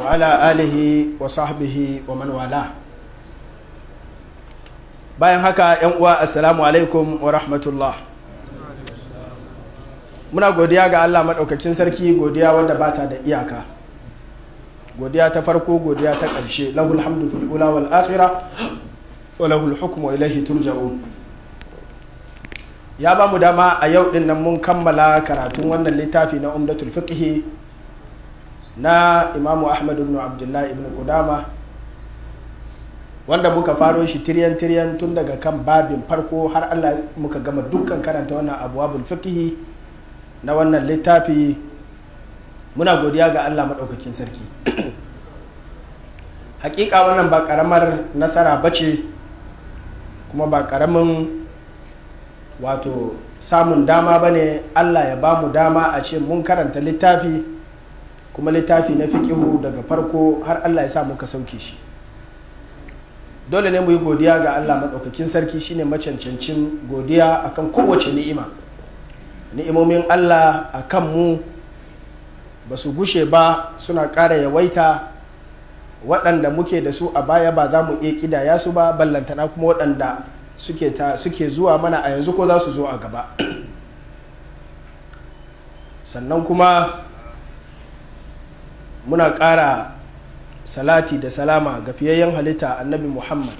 wa ala alihi wa sahbihi wa man wala bayan haka yan uwa assalamu alaikum wa rahmatullah muna godiya ga Allah maɗaukakin sarki godiya wanda ba ta da iyaka godiya ta farko godiya ta ƙarshe lahul hamdu fil ula wal akhira wa lahul hukmu ilahi turja'un ya ba mu dama a yau din nan mun kammala karatun wannan littafi na umdatul fiqh na imamu ahmad ibn Abdullahi ibn kudama wanda muka faro shi tiryan tiryan tun daga kan babin farko har allah muka gama dukkan karanta wannan abuwabul fikihi na wannan littafi muna godiya ga allah maɗaukakin sarki hakika wannan ba ƙaramar nasara ba ce kuma ba ƙaramin wato samun dama ba ne allah ya ba mu dama a ce mun karanta littafi kuma littafi na fiƙihu daga farko har Allah ya sa muka sauke shi dole ne mu yi godiya ga Allah maɗaukakin sarki shine macancancin godiya akan kowace ni'ima ni'imomin Allah a kan mu ba su gushe ba suna ƙara yawaita waɗanda muke da su a baya ba za mu iya ƙidaya su ba ballantana kuma waɗanda suke zuwa mana a yanzu ko za su zo a gaba sannan kuma muna ƙara salati da salama ga fiyayyen halitta annabi muhammad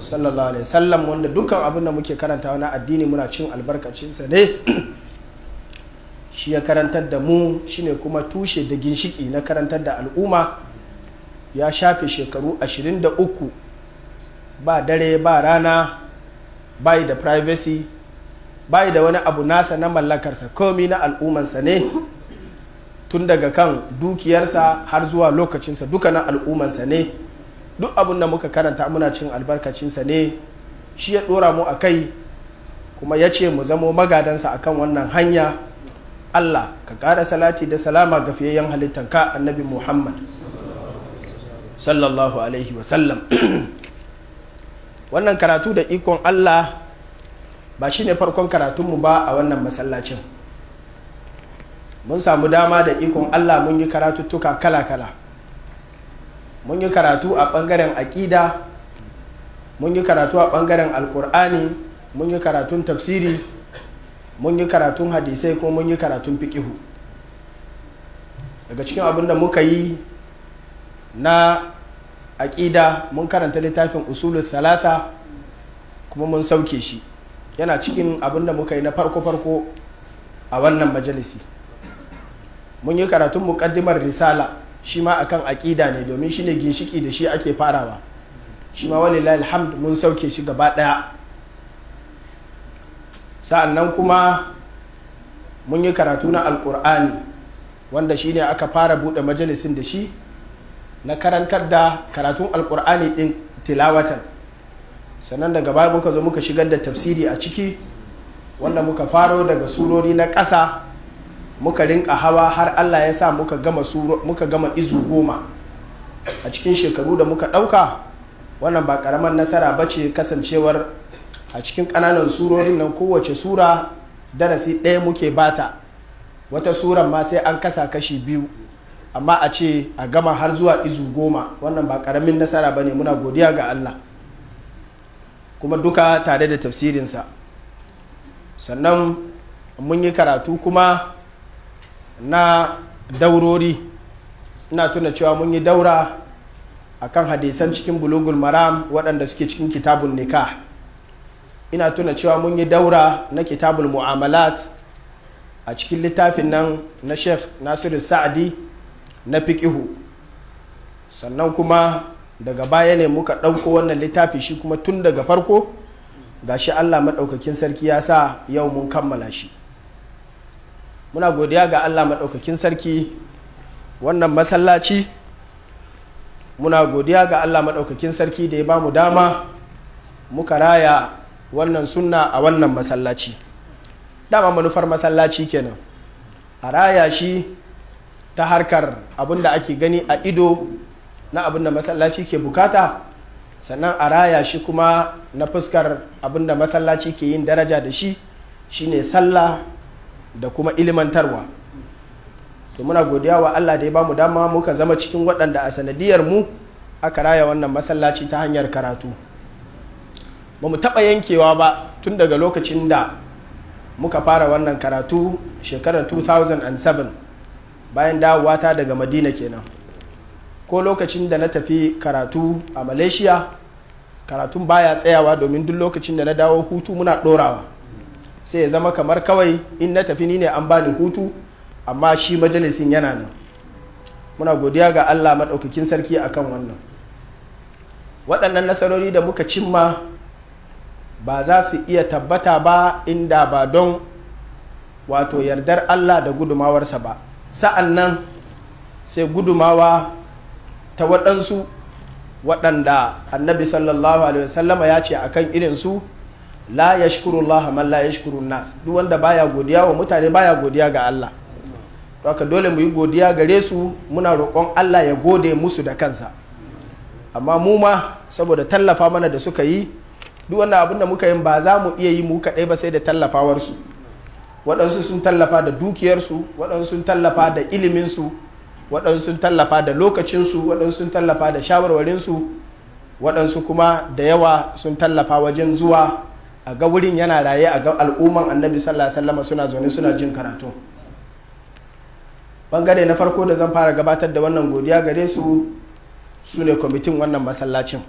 sallallahu alaihi sallam wanda dukkan abin da muke karanta wani addini muna cin albarkacinsa ne shi ya karantar da mu shine kuma tushe da ginshiki na karantar da al'umma ya shafe shekaru 23 ba dare ba rana bayi da privacy bayi da wani abu nasa na mallakarsa komi na al'ummansa ne tun daga kan dukiyarsa har zuwa lokacinsa duka na al'ummarsa ne duk abin da muka karanta muna cin albarkacinsa ne shi ya ɗora mu a kai kuma ya ce mu zamo magadansa a kan wannan hanya allah ka ƙara salati da salama ga fiyayyen halittanka annabi muhammad sallallahu alaihi wasallam wannan karatu da ikon allah ba shi ne farkon karatunmu ba a wannan masallacin mun samu dama da ikon allah mun yi karatuttuka kala-kala mun yi karatu a ɓangaren aƙida mun yi karatu a ɓangaren alƙur'ani mun yi karatun tafsiri mun yi karatun hadisai ko mun yi karatun fiƙihu daga cikin abin da muka yi na aƙida mun karanta littafin usulun salasa kuma mun sauke shi yana cikin abin da muka yi na farko-farko a wannan majalisi mun yi karatun muƙaddimar risala shi ma akan aƙida ne domin shi ne ginshiki da shi ake farawa shi ma wani alhamd mun sauke shi gaba ɗaya sa'an nan kuma mun yi karatu na alƙur'ani wanda shi ne aka fara buɗe majalisin da shi na karantar da karatun alƙur'ani ɗin tilawatan sannan daga baya muka zo muka shigar da tafsiri a ciki wanda muka faro daga surori na ƙasa muka rinka hawa har Allah ya sa muka gama muka gama izu goma a cikin shekaru da muka ɗauka wannan ba ƙaramin nasara ba ce kasancewar a cikin ƙananan surorin nan kowace sura darasi ɗaya muke bata wata suran ma sai an kasa kashi biyu amma a ce a gama har zuwa izu goma wannan ba ƙaramin nasara ba ne muna godiya ga Allah kuma duka tare da tafsirinsa sannan mun yi karatu kuma na daurori ina tuna cewa mun yi daura akan hadisan cikin bulugul maram waɗanda suke cikin kitabun nika ina tuna cewa mun yi daura na kitabun mu'amalat a cikin littafin nan na sheikh nasiru sa'adi na fikihu sannan kuma daga baya ne muka ɗauko wannan littafi shi kuma tun daga farko gashi allah maɗaukakin sarki ya sa yau mun kammala shi muna godiya ga allah maɗaukakin sarki wannan masallaci muna godiya ga allah maɗaukakin sarki da ya ba mu dama muka raya wannan sunna a wannan masallaci dama manufar masallaci kenan a raya shi ta harkar abin da ake gani a ido na abin da masallaci ke bukata sannan a raya shi kuma na fuskar abin da masallaci ke yin daraja da shi shine sallah da kuma ilimantarwa to muna godiya wa Allah da ya bamu dama muka zama cikin waɗanda a sanadiyar mu aka raya wannan masallaci ta hanyar karatu ba mu taɓa yankewa ba tun daga lokacin da muka fara wannan karatu shekarar 2007 bayan dawowa ta daga madina kenan ko lokacin da na tafi karatu a malaysia karatun baya tsayawa domin duk lokacin da na dawo hutu muna ɗorawa sai ya zama kamar kawai in na tafi ni ne an bani hutu amma shi majalisin yana nan muna godiya ga allah maɗaukakin sarki akan wannan waɗannan nasarori da muka cimma ba za su iya tabbata ba inda ba don wato yardar allah da gudumawarsa ba sa'an nan sai gudumawa ta waɗansu waɗanda annabi sallallahu alaihi wasallama ya ce a kan irinsu la Allah man la nas duk wanda baya godiya wa mutane baya godiya ga Allah to haka dole mu yi godiya gare su muna roƙon Allah ya gode musu da kansa amma mu ma saboda tallafa mana da suka yi duk wannan abin da muka yi ba za mu iya yi mu kaɗai ba sai da tallafawarsu waɗansu sun tallafa da dukiyarsu waɗansu sun tallafa da iliminsu waɗansu sun tallafa da lokacinsu waɗansu sun tallafa da shawarwarinsu waɗansu kuma da yawa sun tallafa wajen zuwa a ga wurin yana raye a ga al'umman annabi sallallahu alaihi wasallam suna zaune suna jin karatu bangare na farko da zan fara gabatar da wannan godiya gare su su ne kwamitin wannan masallacin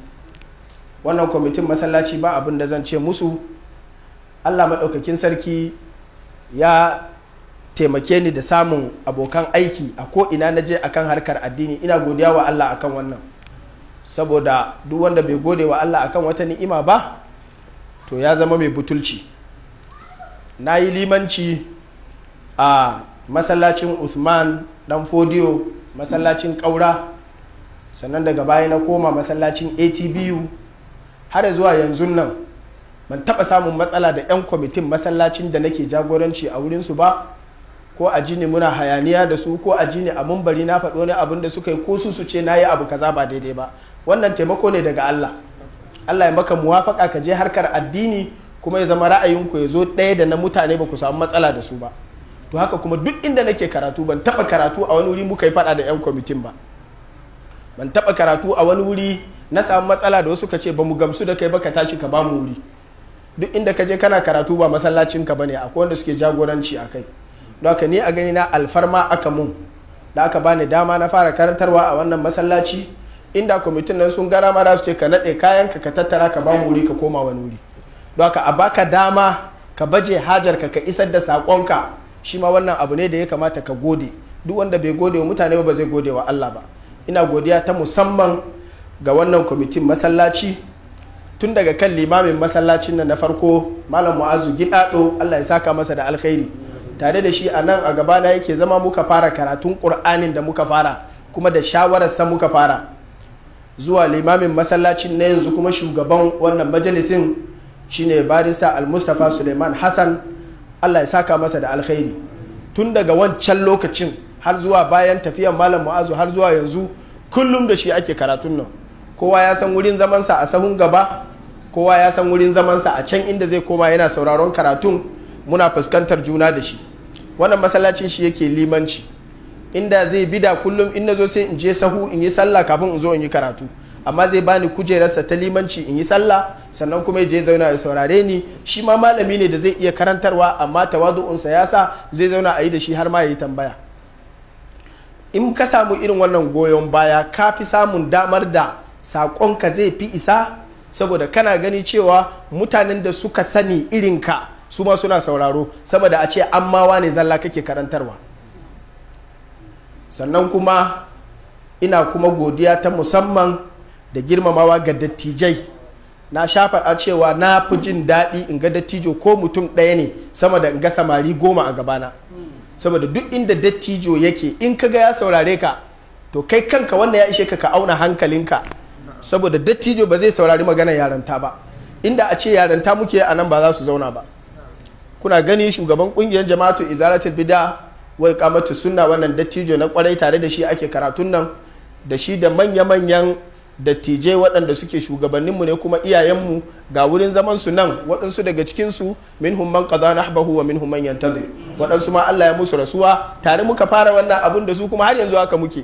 wannan kwamitin masallaci ba abin da zan ce musu allah maɗaukakin sarki ya taimake ni da samun abokan aiki a ko ina na je akan harkar addini ina godiya wa allah akan wannan saboda duk wanda bai gode wa allah akan wata ni'ima ba to ya zama mai butulci na yi limanci a masallacin usman dan fodiyo masallacin Kaura sannan daga baya na koma masallacin atbu har zuwa yanzu nan ban taɓa samun matsala da 'yan kwamitin masallacin da nake jagoranci a wurinsu ba ko a jini muna hayaniya da su ko a jini a mumbari na faɗo ne abin da suka yi ko su su ce na yi abu kaza ba daidai ba wannan taimako ne daga allah Allah ya maka muwafaka ka je harkar addini kuma ya zama ra'ayinku ya zo ɗaya da na mutane ba ku samu matsala da su ba to haka kuma duk inda nake karatu ban taɓa karatu a wani wuri muka yi faɗa da 'yan kwamitin ba ban taɓa karatu a wani wuri na samu matsala da wasu ka ce ba mu gamsu da kai ba ka tashi ka ba mu wuri duk inda ka je kana karatu ba masallacin ka bane akwai wanda suke jagoranci a kai don haka ni a gani na alfarma aka mun da aka bani dama na fara karantarwa a wannan masallaci inda kwamitin nan sun gara mara su ce ka naɗe kayan ka tattara ka ba wuri ka koma wani wuri don ka a baka dama ka baje hajar ka isar da saƙonka shi ma wannan abu ne da ya kamata ka gode duk wanda bai gode wa mutane ba zai gode wa Allah ba ina godiya ta musamman ga wannan kwamitin masallaci tun daga kan limamin masallacin nan na farko malam mu'azu gidado Allah ya saka masa da alkhairi tare da shi a nan a gabana yake zama muka fara karatun qur'anin da muka fara kuma da shawararsa muka fara zuwa limamin masallacin na yanzu kuma shugaban wannan majalisin shine barista al-mustapha suleiman hassan allah ya saka masa da alkhairi tun daga wancan lokacin har zuwa bayan tafiyan malam mu'azu har zuwa yanzu kullum da shi ake karatun nan kowa ya san wurin zamansa a sahun gaba kowa ya san wurin zamansa a can inda zai koma yana sauraron karatun muna fuskantar juna da shi wannan masallacin shi yake limanci inda zai bi da kullum in zo sai in je sahu in yi sallah kafin in zo in yi karatu amma zai bani kujerarsa ta limanci in yi sallah sannan kuma ya je zauna ya saurare ni shi ma malami ne da zai iya karantarwa amma tawadu'unsa ya sa zai zauna a yi da shi har ma ya yi tambaya in ka samu irin wannan goyon baya ka fi samun damar da saƙonka zai fi isa saboda kana gani cewa mutanen da suka sani irinka su ma suna sauraro saboda a ce an ma ne zalla kake karantarwa sannan kuma ina kuma godiya ta musamman da girmamawa ga dattijai na sha a cewa na fi jin daɗi in ga dattijo ko mutum ɗaya ne sama da in ga samari goma a gabana saboda duk inda dattijo yake in ka ga ya saurare ka to kai kanka wannan ya ishe ka ka auna hankalinka saboda dattijo ba zai saurari magana yaranta ba inda a ce yaranta muke a nan ba za su zauna ba kuna gani shugaban kungiyar jama'atu izaratul bida wai kamatu sunna wannan dattijo na kwarai tare da shi ake karatun nan da shi da manya-manyan dattijai waɗanda suke shugabanninmu ne kuma iyayenmu ga wurin zaman su nan waɗansu daga cikinsu min man qaza nahbahu wa min man yantazir waɗansu ma Allah ya musu rasuwa tare muka fara wannan abun da su kuma har yanzu haka muke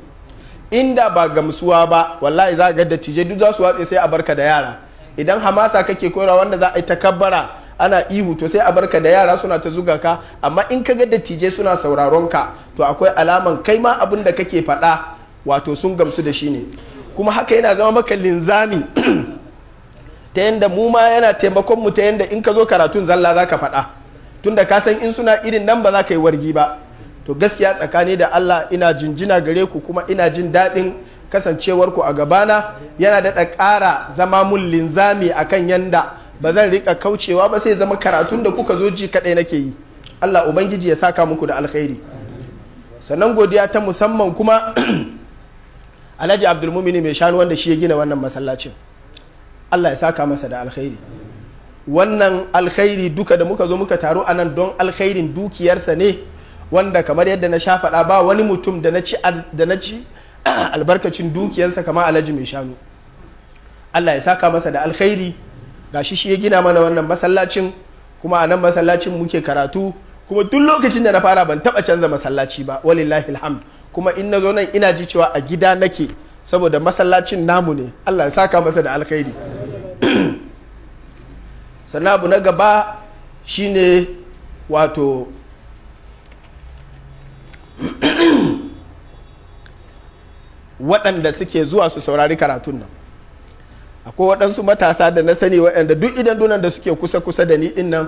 inda ba gamsuwa ba wallahi za ga dattijai duk za su watse sai a barka da yara idan hamasa kake koyarwa wanda za a yi takabbara ana ihu to sai a barka da yara suna ta zuga ka amma in ka ga dattijai suna sauraron ka to akwai alaman kai ma abin da kake faɗa wato sun gamsu da shi ne kuma haka yana zama maka linzami ta yanda mu ma yana taimakon mu ta yadda in ka zo karatun zalla za ka faɗa tunda ka san in suna irin nan ba za ka yi wargi ba to gaskiya tsakani da Allah ina jinjina gare ku kuma ina jin daɗin kasancewarku a gabana yana daɗa ƙara zama mun linzami akan yanda ba zan rika kaucewa ba sai zama karatun da kuka zo ji kaɗai nake yi Allah ubangiji ya saka muku da alkhairi sannan godiya ta musamman kuma Alhaji Abdul Abdulmumini mai shanu wanda shi ya gina wannan masallacin Allah ya saka masa da alkhairi wannan alkhairi duka da muka zo muka taru anan don alkhairin dukiyarsa ne wanda kamar yadda na sha faɗa ba wani mutum da na ci albarkacin dukiyarsa kamar alhaji mai shanu Allah ya saka masa da alkhairi gashi shi ya gina mana wannan masallacin kuma a nan masallacin muke karatu kuma duk lokacin da na fara ban taba canza masallaci ba walillahi alhamd kuma in na zo nan ina ji cewa a gida nake saboda masallacin namu ne Allah ya saka masa da alkhairi sanabu na gaba shine wato waɗanda suke zuwa su saurari karatun nan akwai waɗansu matasa da na sani waɗanda duk idan dunan da suke kusa kusa da ni din nan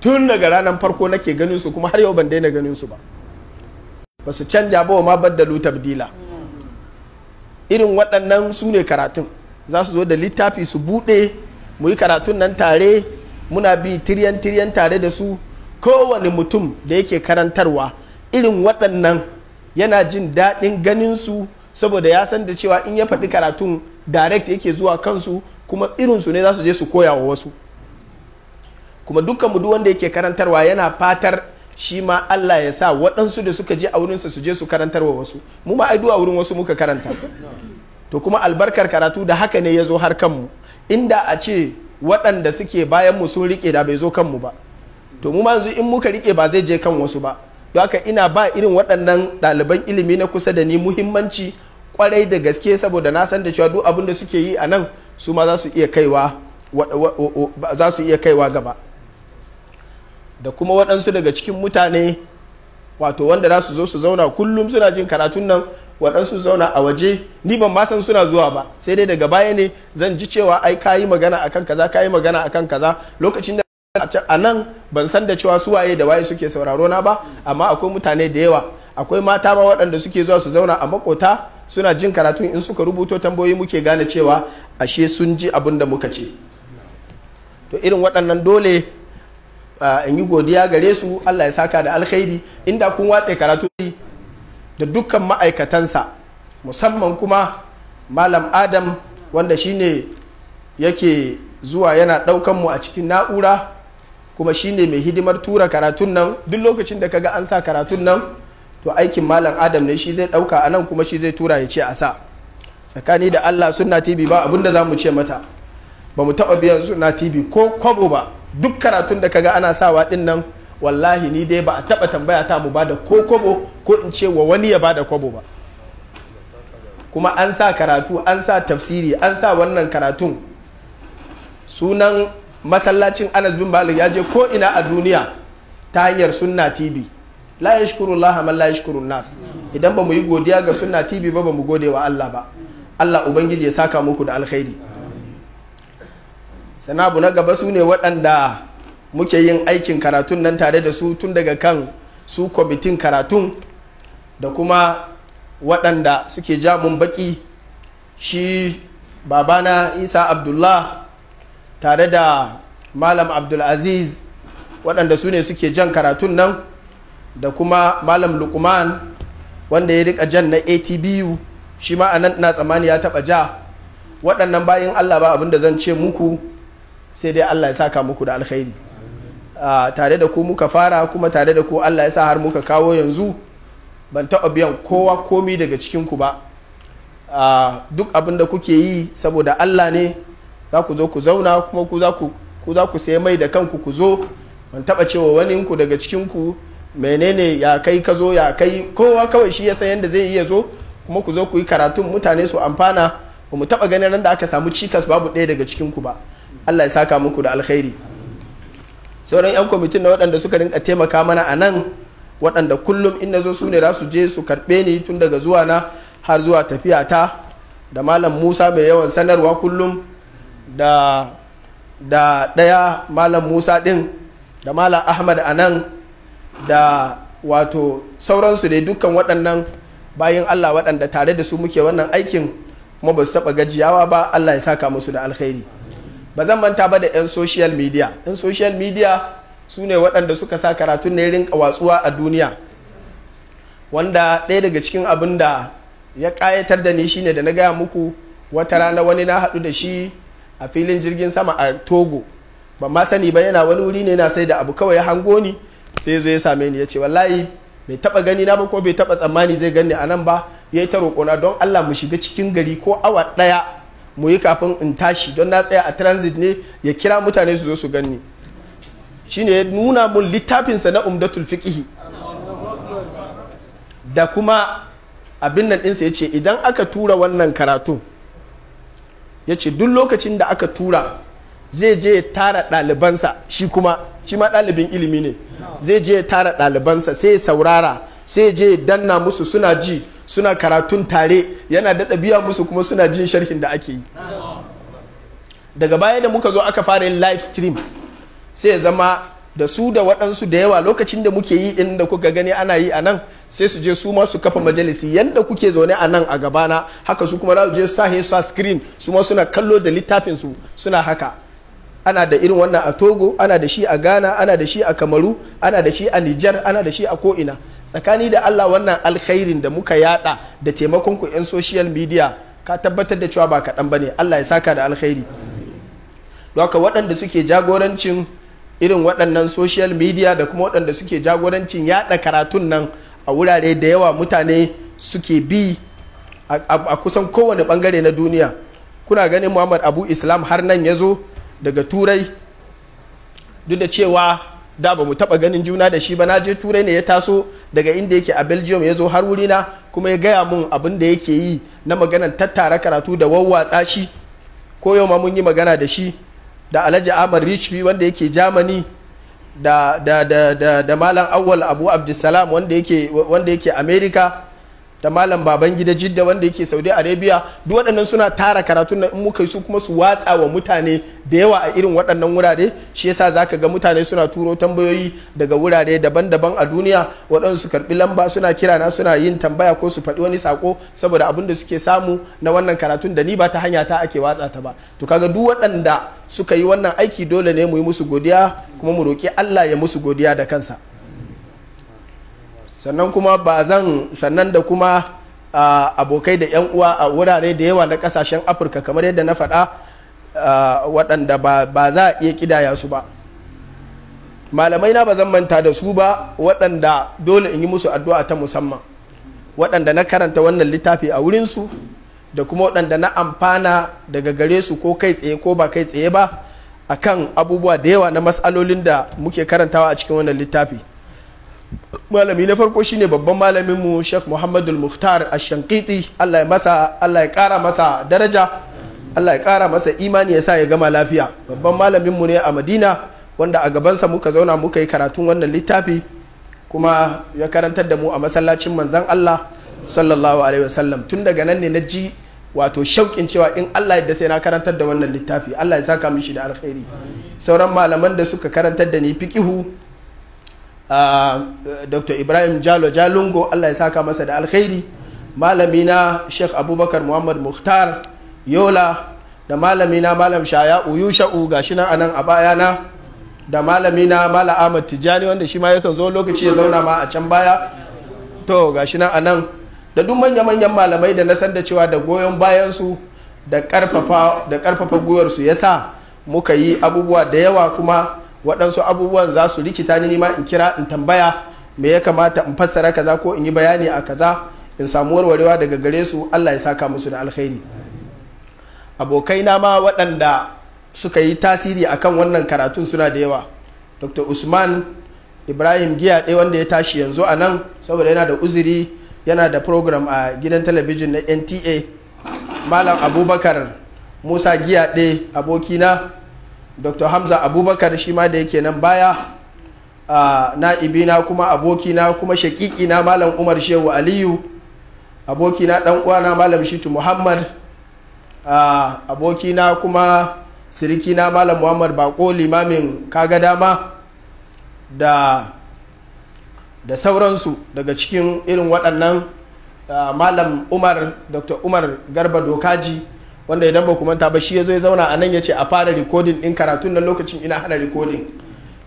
tun daga ranar farko nake ganin su kuma har yau ban daina ganin su ba ba su canja ba ma da baddalu dila. irin waɗannan su ne karatun za su zo da littafi su buɗe mu yi karatun nan tare muna bi tiryan tiryan tare da su kowane mutum da yake karantarwa irin waɗannan yana jin daɗin ganin su saboda ya san da cewa in ya faɗi karatun direct yake zuwa kansu kuma irinsu ne za su je su koya wa wasu kuma dukkan mu wanda yake karantarwa yana fatar shi ma Allah ya sa waɗansu da suka je a wurinsa su je su karantarwa wasu mu ma aidu a wurin wasu muka karanta to kuma albarkar karatu da haka ne ya zo har kanmu inda a ce waɗanda suke bayan mu sun riƙe da bai zo kanmu ba to mu ma yanzu in muka riƙe ba zai je kan wasu ba don haka ina ba irin waɗannan ɗaliban ilimi na kusa da ni muhimmanci kwarai da gaske saboda na san da cewa duk abin da suke yi a nan su ma za su iya kaiwa gaba da kuma waɗansu daga cikin mutane wato wanda za su zo su zauna kullum suna jin karatun nan waɗansu zauna a waje ni ban ma san suna zuwa ba sai dai daga baya ne zan ji cewa ai yi magana akan kaza ka yi magana akan kaza lokacin da a nan ban san da cewa suwaye da waye suke sauraro na ba amma akwai mutane da yawa akwai mata ma waɗanda suke zuwa su zauna a makota suna jin karatu in suka rubuto tambayoyi muke gane cewa ashe sun ji abin da muka ce to irin waɗannan dole in yi godiya gare su Allah ya saka da alkhairi inda kun watse karatu da dukkan ma'aikatansa musamman kuma malam adam wanda shine yake zuwa yana ɗaukan mu a cikin na'ura kuma shine mai hidimar tura karatun nan duk lokacin da kaga an sa karatun nan to aikin malam adam ne shi zai ɗauka a nan kuma shi zai tura ya ce a sa tsakani da allah sunna tv ba abinda za mu ce mata ba mu taɓa biyan sunna tv ko kwabo ba duk karatun da kaga ana sawa din nan wallahi ni dai ba a taɓa tambaya ta mu bada ko kwabo ko in ce wa wani ya bada kwabo ba kuma an sa karatu an sa tafsiri an sa wannan karatun sunan masallacin anas bin malik ya je ko ina a duniya ta hanyar sunna tv la yashkuru Allah man la yashkuru nas idan ba mu yi godiya ga sunna tibi ba ba mu gode wa Allah ba Allah ubangiji ya saka muku da alkhairi sana abu na gaba su ne waɗanda muke yin aikin karatun nan tare da su tun daga kan su kwamitin karatun da kuma waɗanda suke jamun baki shi babana isa abdullah tare da malam abdulaziz waɗanda su ne suke jan karatun nan da kuma malam lukman wanda ya rika jan na atbu shi ma anan ina tsammani ya taba ja waɗannan bayan allah ba abinda zan ce muku sai dai allah ya saka muku da alkhairi tare da ku muka fara kuma tare da ku allah ya sa har muka kawo yanzu ban taɓa biyan kowa komi daga cikinku ba duk abin da kuke yi saboda allah ne za ku zo ku zauna kuma ku za ku sai mai da kanku ku zo ban taɓa cewa wani ku daga cikinku menene ya kai ka zo ya kai kowa kawai shi ya san yadda zai iya zo kuma ku zo ku yi karatun mutane su amfana ba mu taɓa ganin ran da aka samu cikas babu ɗaya daga cikin ku ba Allah ya saka muku da alkhairi sauran yan kwamitin na waɗanda suka rinka taimaka mana a nan waɗanda kullum in zo su ne za su je su karɓe ni tun daga zuwa na har zuwa tafiya ta da malam musa mai yawan sanarwa kullum da da ɗaya malam musa ɗin da malam ahmad a nan da wato sauransu dai dukkan waɗannan bayan Allah waɗanda tare da su muke wannan aikin kuma ba su taɓa gajiyawa ba Allah ya saka musu da alkhairi ba zan manta ba da 'yan social media 'yan social media su ne waɗanda suka sa karatun ne rinka watsuwa a duniya wanda ɗaya daga cikin abin da ya ƙayatar da ni shine da na gaya muku wata rana wani na haɗu da shi a filin jirgin sama a togo ba ma sani ba yana wani wuri ne na sai da abu kawai hango ni sai zo ya same ni ya ce wallahi bai taba gani na ba ko bai taba tsammani zai gani a nan ba ya yi ta roƙona don Allah mu shiga cikin gari ko awa ɗaya mu yi kafin in tashi don na tsaya a transit ne ya kira mutane su zo su gani shine ya nuna mun littafinsa na umdatul fiqhi da kuma abin nan ɗinsa ya ce idan aka tura wannan karatun ya ce duk lokacin da aka tura zai je tara ɗalibansa shi kuma shi ma ɗalibin ilimi ne zai je tara ɗalibansa sai ya saurara sai je danna musu suna ji suna karatun tare yana daɗa biya musu kuma suna jin sharhin da ake yi daga baya da muka zo aka fara yin live stream sai ya zama da su da waɗansu da yawa lokacin da muke yi inda da kuka gani ana yi a nan sai su je su ma su kafa majalisi yadda kuke zaune a nan a gabana haka su kuma za su je su sa screen su ma suna kallo da littafin su suna haka ana da irin wannan a togo ana da shi a ghana ana da shi a kamaru ana da shi a nijar ana da shi a ko'ina tsakani da allah wannan alkhairin da muka yada da taimakon ku 'yan social media ka tabbatar da cewa ba kaɗan ba ne allah ya saka da alkhairi haka waɗanda suke jagorancin irin waɗannan social media da kuma waɗanda suke jagorancin yada karatun nan a wurare da yawa mutane suke bi a kusan kowane ɓangare na duniya kuna ganin muhammad abu islam har nan ya zo daga turai duk da cewa da ba mu taɓa ganin juna da shi ba na je turai ne ya taso daga inda yake a belgium ya zo har wurina kuma ya gaya mun abin da yake yi na maganar tattara karatu da wawwatsa shi ko yau ma mun yi magana da shi da alhaji ahmad richby wanda yake germany da malam awwal abu abdulsalam wanda yake wanda yake america da malam baban gida jidda wanda yake saudi arabia duk waɗannan suna tara karatun na in muka yi su kuma su watsa wa mutane da yawa a irin waɗannan wurare shi yasa zaka ga mutane suna turo tambayoyi daga wurare daban-daban a duniya waɗansu su karɓi lamba suna kira na suna yin tambaya ko su faɗi wani sako saboda abin da suke samu na wannan karatun da ni ba ta hanya ta ake watsa ta ba to kaga duk waɗanda suka yi wannan aiki dole ne mu yi musu godiya kuma mu roƙi Allah ya musu godiya da kansa sannan kuma ba zan sannan da kuma abokai da 'yan uwa a wurare da yawa na kasashen afirka kamar yadda na faɗa waɗanda ba za a iya kidaya su ba malamai na ba zan manta da su ba waɗanda dole in yi musu addu'a ta musamman waɗanda na karanta wannan littafi a wurinsu da kuma waɗanda na amfana daga gare su ko kai tsaye ko ba kai tsaye ba akan abubuwa da yawa na matsalolin da muke karantawa a cikin wannan littafi malami na farko shine babban malamin mu Sheikh Muhammad Al-Mukhtar Ash-Shankiti Allah ya masa Allah ya kara masa daraja Allah ya kara masa imani ya sa ya gama lafiya babban malamin mu ne a Madina wanda a gaban sa muka zauna muka yi karatun wannan littafi kuma ya karantar da mu a masallacin manzon Allah sallallahu alaihi wasallam tun daga nan ne na ji wato shauƙin cewa in Allah yadda sai na karantar da wannan littafi Allah ya saka mishi da alkhairi sauran malaman da suka karantar da ni fiqihu dr ibrahim jalo jalungo allah ya saka masa da alkhairi malami sheikh abubakar muhammad muhtar yola da malami na malam shaya uyu sha'u gashi nan anan a bayana da malami malam ahmad tijjani wanda shi ma yakan zo lokaci ya zauna ma a can baya to gashi nan anan da duk manya-manyan malamai da na san da cewa da goyon bayansu da karfafa gwiwarsu ya sa muka yi abubuwa da yawa kuma waɗansu abubuwan za su rikita ni ma in kira in tambaya me ya kamata in fassara kaza ko in yi bayani a kaza in samu warwarewa daga gare su Allah ya saka musu da alkhairi abokai na ma waɗanda suka yi tasiri akan wannan karatun suna da yawa dr usman ibrahim giya ɗaya wanda ya tashi yanzu a nan saboda yana da uzuri yana da program a gidan talabijin na nta malam abubakar musa giya ɗaya abokina dr hamza abubakar shi ma da yake nan baya ibina kuma abokina kuma shakikina malam umar shehu aliyu abokina ɗan uwana malam shitu muhammad abokina kuma sirikina malam muhammad bako limamin kaga dama da da sauransu daga cikin irin waɗannan malam umar dr umar garba dokaji wanda idan ba ku manta ba shi ya zo ya zauna a nan ya ce a fara rikodin din karatun na lokacin ina hana rikodin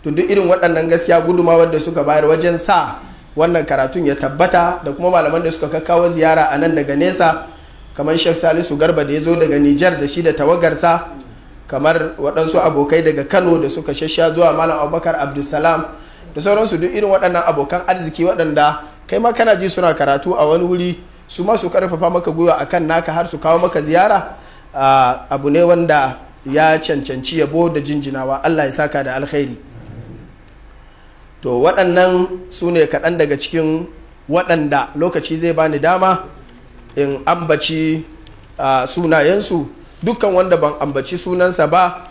to duk irin waɗannan gaskiya gudumawar da suka bayar wajen sa wannan karatun ya tabbata da kuma malaman da suka kakkawo ziyara a nan daga nesa kamar shek Salisu Garba da ya zo daga Nijar da shi da tawagarsa kamar waɗansu abokai daga Kano da suka shasha zuwa Malam Abubakar Abdulsalam da sauransu duk irin waɗannan abokan arziki waɗanda kai ma kana ji suna karatu a wani wuri su ma su karfafa maka gwiwa akan naka har su kawo maka ziyara abu ne wanda ya cancanci yabo da jinjinawa Allah ya saka da alkhairi to waɗannan su ne kaɗan daga cikin waɗanda lokaci zai bani dama in ambaci sunayensu dukkan wanda ban ambaci sunansa ba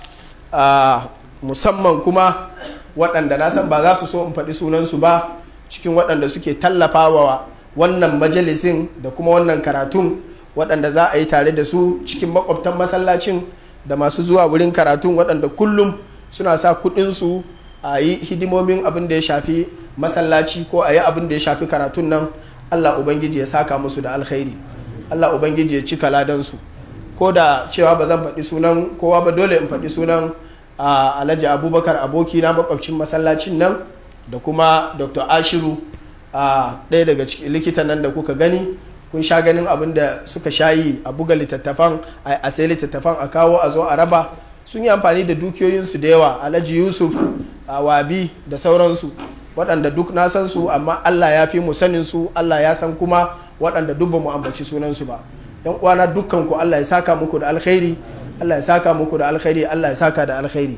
musamman kuma waɗanda na san ba za su so in faɗi sunansu ba cikin waɗanda suke tallafawa wannan majalisin da kuma wannan karatun waɗanda za a yi tare da su cikin makwabtan masallacin da masu zuwa wurin karatun waɗanda kullum suna sa kuɗinsu a yi hidimomin abin da ya shafi masallaci ko a yi abin da ya shafi karatun nan allah ubangiji ya saka musu da alkhairi allah ubangiji ya cika ladansu ko da cewa ba zan faɗi sunan kowa ba dole in faɗi sunan a alhaji abubakar aboki na makwabcin masallacin nan da kuma dr ashiru ɗaya daga cikin likitan nan da kuka gani kun sha ganin abin da suka shayi a buga littattafan a sai littattafan a kawo a zo a raba sun yi amfani da dukiyoyinsu da yawa alhaji yusuf a wabi da sauransu waɗanda duk na san su amma allah ya fi mu sanin su allah ya san kuma waɗanda duk ba mu ambaci sunansu ba yan uwana dukkan ku allah ya saka muku da alkhairi allah ya saka muku da alkhairi allah ya saka da alkhairi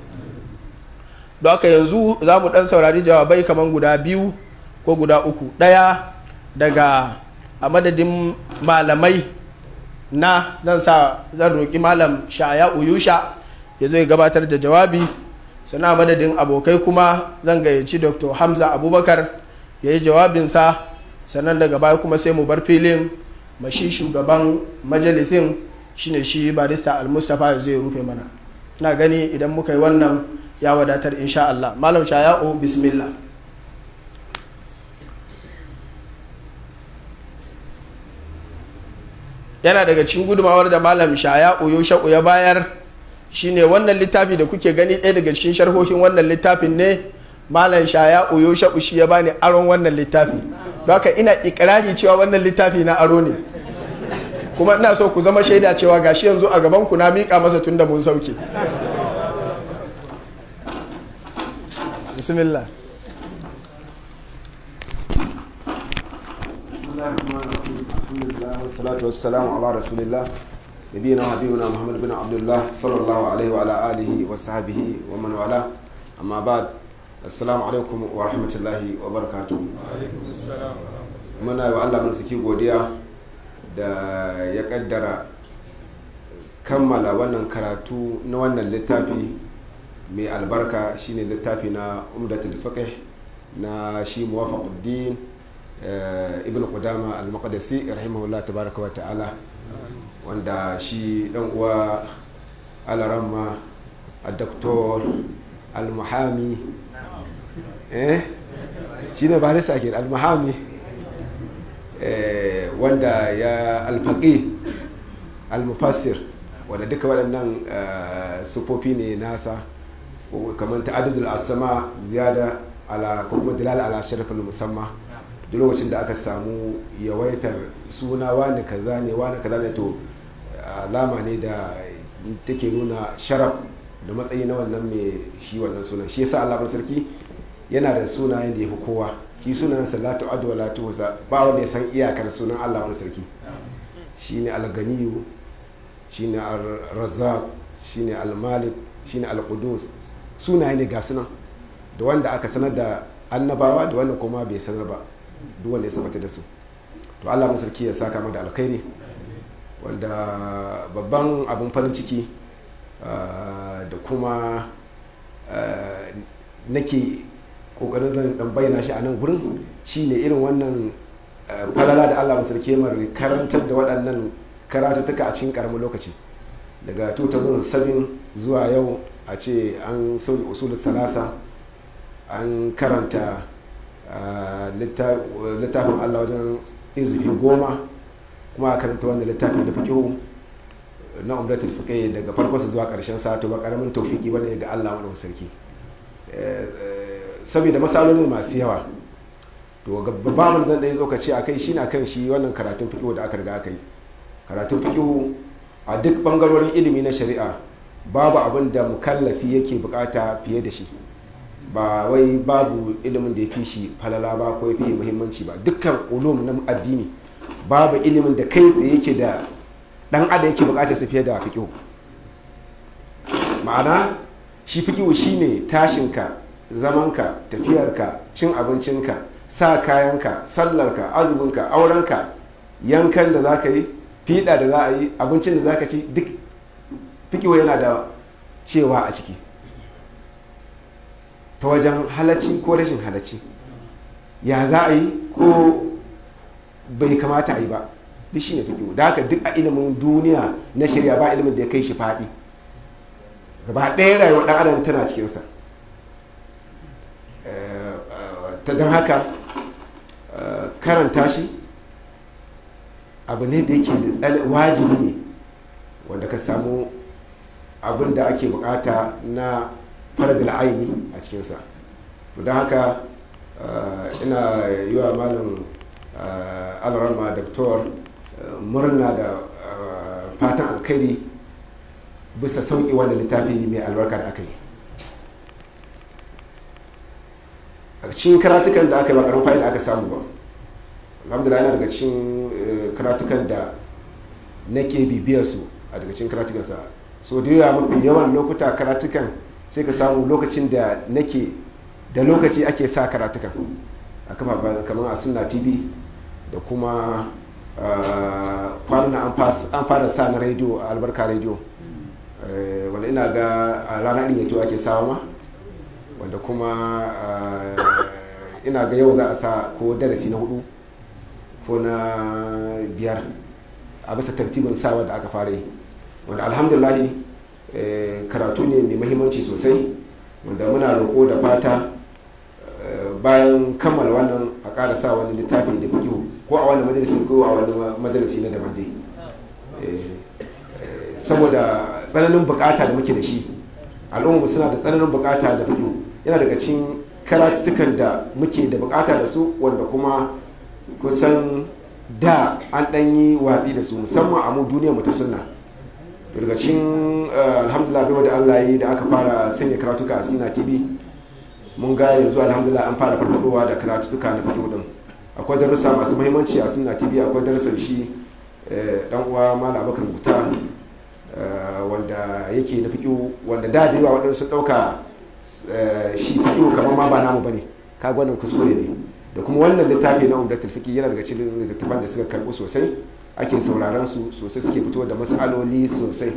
don haka yanzu za mu ɗan saurari jawabai kamar guda biyu ko guda uku ɗaya daga a madadin malamai na zan sa zan roƙi malam sha'aya uyusha ya zai gabatar da jawabi sana madadin abokai kuma zan gayyaci dr hamza abubakar ya yi jawabinsa sannan daga baya kuma sai mu bar filin mashi shugaban majalisin shine shi barista almustapha ya zai rufe mana na gani idan muka yi wannan ya wadatar inshaAllah malam shaya'u oh, bismillah yana daga cikin gudumawar da malam shaya uyo sha'u ya bayar shine wannan littafi da kuke gani ɗaya daga cikin sharhohin wannan littafin ne malam shaya uyo sha'u shi ya bani aron wannan littafi haka ina ikirari cewa wannan littafi na aro ne kuma ina so ku zama shaida cewa gashi yanzu a gaban ku na miƙa masa tun da mun sauke bismillah alhamdulillah wassalatu nabiyina habibuna muhammad bin abdullah wa rahmatullahi wa barakatuh muna wa Allah mun saki godiya da ya kaddara kammala wannan karatu na wannan littafi mai albarka shine littafi na umdatul fiqh na shi muwafaquddin Eh, ibn qudama al-maqdisi rahimahullah tabaraka wa ta'ala wanda shi dan uwa ramma al-doktor al-muhami eh shi ne barista ke al-muhami eh, wanda ya alfaƙi al-mufassir wanda duka waɗannan eh, sufofi ne nasa kamar ta'adudul asama ziyada ala kuma dalal ala sharafin musamman duk lokacin da aka samu yawaitar suna wani kaza ne wani kaza ne to alama ne da take nuna sharaf da matsayi na wannan mai shi wannan sunan shi yasa Allah sarki yana da sunayen da ya fi kowa shi sunan salatu adu wala tuhsa ba wani ya san iyakar sunan Allah wani sarki shine al-ganiyu shine ar-razzaq shine al-malik shine al-qudus sunaye ne ga sunan da wanda aka sanar da annabawa da wanda kuma bai sanar ba duk wanda ya sabata da su to Allah mai sarki ya saka mu da alkhairi wanda babban abin farin ciki ah, da kuma ah, nake kokarin zan dan bayyana shi a nan gurin shine irin wannan ah, falala da Allah mai sarki mar karantar da waɗannan karatuttuka a cikin karamin lokaci daga 2007 zuwa yau a ce an sauke usulun thalasa an karanta littafin allah wajen izini goma kuma a karanta wanda littafi da fiƙihu na umratul fiqh daga farkonsa zuwa karshen sa to ba karamin tawfiki bane ga Allah wani sarki eh, eh, saboda masalolin masu yawa to ya mu dan dai akai shi na kan shi wannan karatun fiqh da aka riga aka yi karatun fiqh a duk bangarorin ilimi na shari'a babu abin da mukallafi yake bukata fiye da shi ba wai babu ilimin da ya fi shi falala ba ko ya fi muhimmanci ba dukkan ulum na addini babu ilimin da kai tsaye yake da dan adam yake bukatar su fiye da fiqh ma'ana shi fiqh shine tashinka zamanka tafiyarka cin abincinka sa kayanka sallarka auren aurenka yankan da zaka yi fiɗa da za a yi abincin da zaka ci duk fiqh yana da cewa a ciki ta wajen halacci ko rashin halacci ya za a yi ko bai kamata a yi ba duk shi ne kiwo da haka duk a ilimin duniya na shirya ba ilimin da ya kai shi faɗi gaba ɗaya rayuwa ɗan adam tana cikinsa eh, ta don haka eh, karanta shi abu ne da yake da wajibi ne wanda ka samu abin da ake bukata na faradil aini a cikinsa don haka eh, ina yi wa malam eh, alarama doktor eh, murna da fatan alkhairi bisa sauƙi wani littafi mai albarka da aka yi a cikin karatukan da aka yi ba fa'ida aka samu ba alhamdulillah yana daga cikin karatukan da nake bibiyar su a daga cikin karatukansa so da yawa mafi yawan lokuta karatukan sai ka samu lokacin da nake da lokaci ake sa karatukan a kafafen kamar a sunna tv da kuma ah, kwanan an fara sa na radio a albarka radio eh, wanda ina ga a ranar ɗin yato ake sawa ma wanda kuma ah, ina ga yau za a sa ko darasi na hudu ko na biyar a bisa tartibin sawa da aka fara yi wanda alhamdulahi Eh, karatu ne mai mahimmanci sosai wanda muna roƙo da fata eh, bayan kammala wannan a ƙara sa wani littafi da fikihu ko a wani majalisi ko a wani majalisi na daban dai eh, saboda tsananin bukata da muke da shi al'umma suna da tsananin bukata da fikihu yana daga cikin karatutukan da muke da bukata da su wanda kuma kusan da an ɗanyi watsi da su musamman a mu duniyar mu ta sunna daga cikin eh, alhamdulillah bai da Allah yi da aka fara sanya karatuka a sunna tv mun ga yanzu alhamdulillah an fara farfadowa da karatuka na fito din akwai darussa masu mahimmanci a sunna tv akwai darussan shi eh, dan uwa malam abakar guta eh, wanda yake na fito wanda da a yawa sun ɗauka shi fito kamar ma ba namu bane kaga wannan kuskure ne da kuma wannan littafi na umdatul fiqh yana daga cikin littattafan da suka karbo sosai ake sauraron su sosai suke fito da matsaloli sosai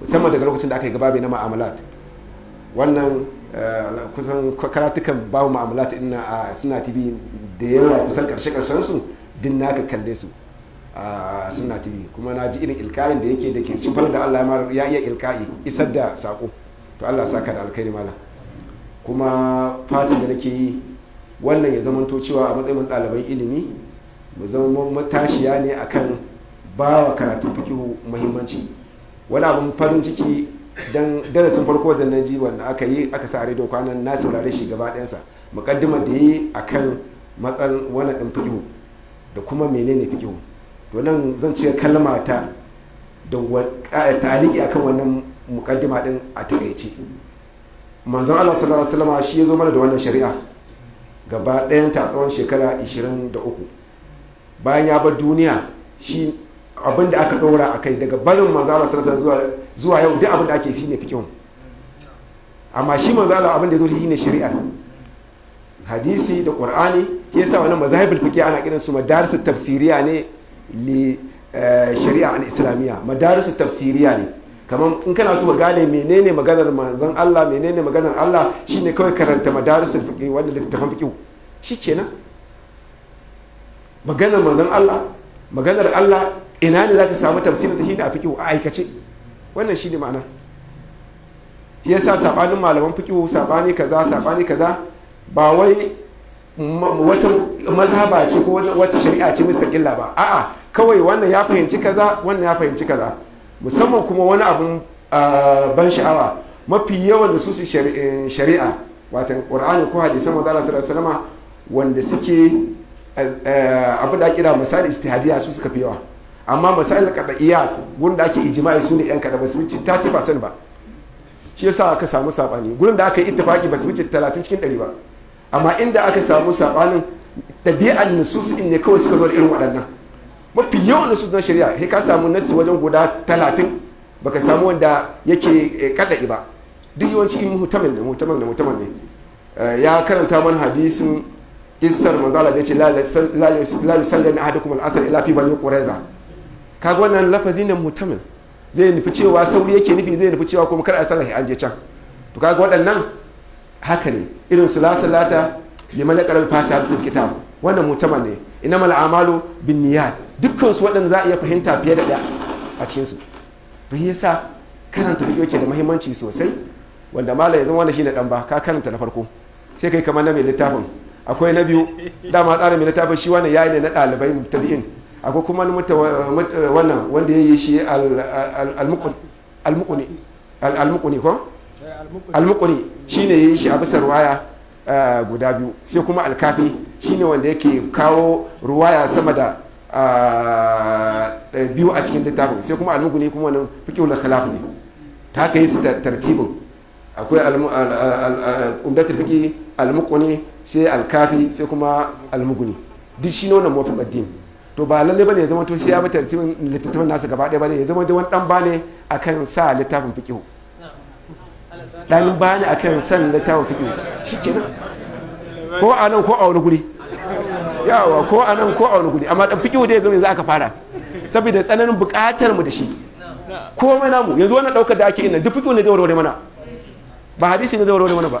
musamman daga lokacin da aka yi gababe na ma'amalat wannan eh, kusan karatukan babu ma'amalat ina a suna tv da yawa kusan karshe karshen su din naka kalle su a suna tv kuma na ji irin ilkayin da yake da ke cifar da allah ya iya ilka'i isar da sako to allah sa ka da alkhairi mala kuma fatan da nake yi wannan ya zamanto cewa a matsayin ɗaliban ilimi mu zama matashiya ne akan ba wa karatun fikihu muhimmanci wani abin farin ciki dan darasin farko da na ji wanda aka yi aka sa rediyo kwanan na saurare shi gaba ɗayansa mukaddimar da yi a kan matsan wannan ɗin fikihu da kuma menene fikihu to nan zan ce kalma ta da a kan wannan mukaddima ɗin a taƙaice manzon Allah sallallahu alaihi wasallam shi ya zo mana da wannan shari'a gaba ɗayan ta tsawon shekara 23 bayan ya bar duniya shi abin da aka ɗora a kai daga barin manzala sarsa zuwa yau duk abin da ake fi ne kyau amma shi manzala abin da zo shi ne shari'a hadisi da qur'ani sa wani mazahibul fiqh ana kiran su madarisu tafsiriya ne li eh, shari'a al islamiyya madarisu tafsiriya ne kamar in kana so gane menene maganar manzon Allah menene maganar Allah shine kawai karanta madarisul fiqh wanda littafin fiqh shikenan maganar manzon Allah maganar Allah ina ne za ka samu tafsirin ta shine a fikihu a aikace wannan shi ne ma'ana ya sa sabanin malaman fikihu sabani kaza sabani kaza ba wai wata mazhaba ce ko wata shari'a ce mustaqilla ba a'a kawai wannan ya fahimci kaza wannan ya fahimci kaza musamman kuma wani abun ban sha'awa mafi yawan da su su shari'a watan qur'ani ko hadisan manzo Allah sallallahu salama wanda suke eh, eh, abu da kira misali istihadiya su suka fi yawa amma kada iya gurin da ake ijima'i su ne yan kada ba su wuce 30% ba shi yasa aka samu sabani gurin da aka yi ittifaki ba su wuce 30 cikin 100 ba amma inda aka samu sabanin ɗabi'an nusus in ne kawai suka zo da irin waɗannan mafi yawan nusus na shari'a sai ka samu nasi wajen guda 30 baka samu wanda yake eh, kada'i ba duk yawanci in mutamin ne mutamin ne mutamin ne eh, ya karanta mana hadisin isar manzala da ce la yusalli ahadukum al-asr ila fi bani ƙoraiza kaga wannan lafazi ne mutumin zai nufi cewa sauri yake nufi zai nufi cewa kuma kar a sallahi an je can to kaga waɗannan haka ne irin su lasalata ne laqal fata da kitab wannan mutumin ne ina a'malu bin niyyat dukkan su waɗanda za a iya fahimta fiye da ɗaya a cikin su to yasa karanta da yake da muhimmanci sosai wanda mala ya zama wanda shine dan ba ka karanta na farko sai kai kamar na mai littafin akwai na biyu dama tsarin mai littafin shi wani yayi ne na ɗalibai mubtadi'in akwai kuma wannan wanda ya yi shi almukuni ko eh, almukuni shi ne ya yi shi a bisa ruwaya eh, guda biyu sai kuma alkafi shi ne wanda yake kawo ruwaya sama da eh, biyu a cikin littafin sai kuma almukuni kuma wannan fikihul khilaf ne ta haka yi su tartibin akwai umdatul fiqi almukuni sai alkafi sai kuma almuguni duk shi ne wani mafi addini to ba lalle bane ya zama to shi ya bata tartibin littattafan nasa gaba ɗaya bane ya zama da wani dan bane akan sa littafin fiqh dan bane akan san littafin fiqh shikenan ko a nan ko a wani guri yawa ko a nan ko a wani guri amma dan fiqh da ya zama yanzu aka fara saboda tsananin buƙatar mu da shi komai namu yanzu wannan daukar da ake ina duk fiqh ne da warware mana ba hadisi ne da warware mana ba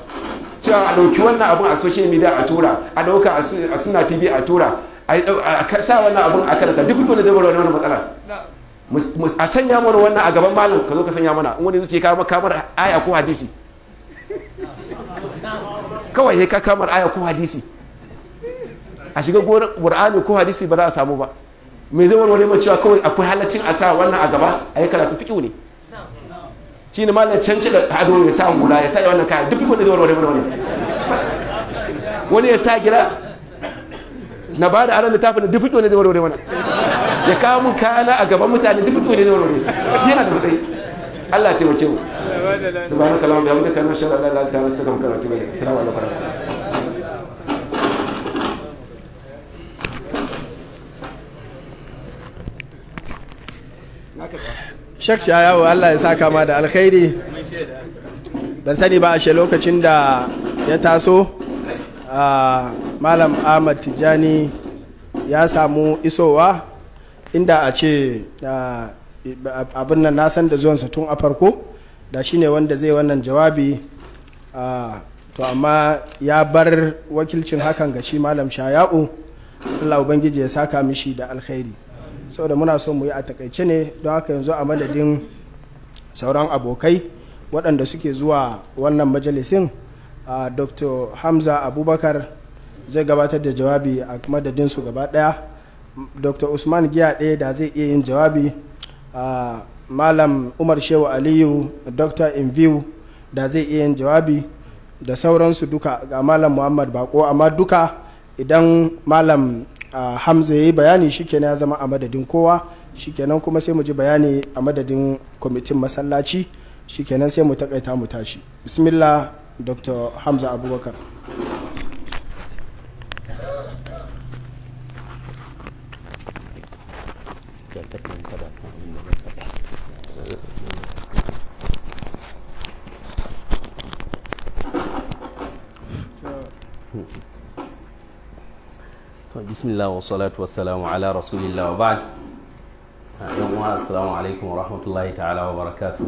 cewa a ɗauki wannan abin a social media a tura a ɗauka a suna tv a tura a sa wannan abun a kanka duk wanda zai bar wani matsala a sanya mana wannan a gaban malam ka zo ka sanya mana in wani zuciya kama kamar aya ko hadisi kawai sai ka kamar aya ko hadisi a shiga qur'ani ko hadisi ba za a samu ba me zai warware mai cewa kawai akwai halaccin a sa wannan a gaba a yi karatu fiki ne shi ne malam canci da ado ya sa hula ya sa wannan kaya duk wanda zai warware mana wani wani ya sa gilas na ba da aran littafin duk fito ne da warware mana ya kawo mun kayana a gaban mutane duk fito ne da warware yana da matsayi Allah ta taimake mu subhanaka allahumma bihamdika nashhadu an la ilaha illa anta astaghfiruka wa atubu ilaik assalamu alaikum wa rahmatullahi shak yawo Allah ya saka ma da alkhairi ban sani ba ashe lokacin da ya taso malam ahmad tijjani ya samu isowa inda a ce abin nan na san da zuwansa tun a farko da shine wanda zai wannan jawabi to amma ya bar wakilcin hakan ga shi malam shaya'u allah ubangiji ya saka mishi da alkhairi saboda muna so mu yi a takaice ne don haka yanzu a madadin sauran abokai waɗanda suke zuwa wannan majalisin uh, dr hamza abubakar zai gabatar da jawabi a madadinsu gaba daya dr usman giya ɗaya da zai iya yin jawabi uh, malam umar shehu aliyu dr inviu da zai iya yin jawabi da sauransu duka ga malam muhammad bako amma duka idan malam uh, hamza ya yi bayani shikenan ya zama a madadin kowa shikenan kuma sai mu ji bayani a madadin kwamitin masallaci shikenan sai mu takaita mu tashi bismillah دكتور حمزة أبو بكر طيب، بسم الله والصلاة والسلام على رسول الله وبعد آه، السلام عليكم ورحمة الله تعالى وبركاته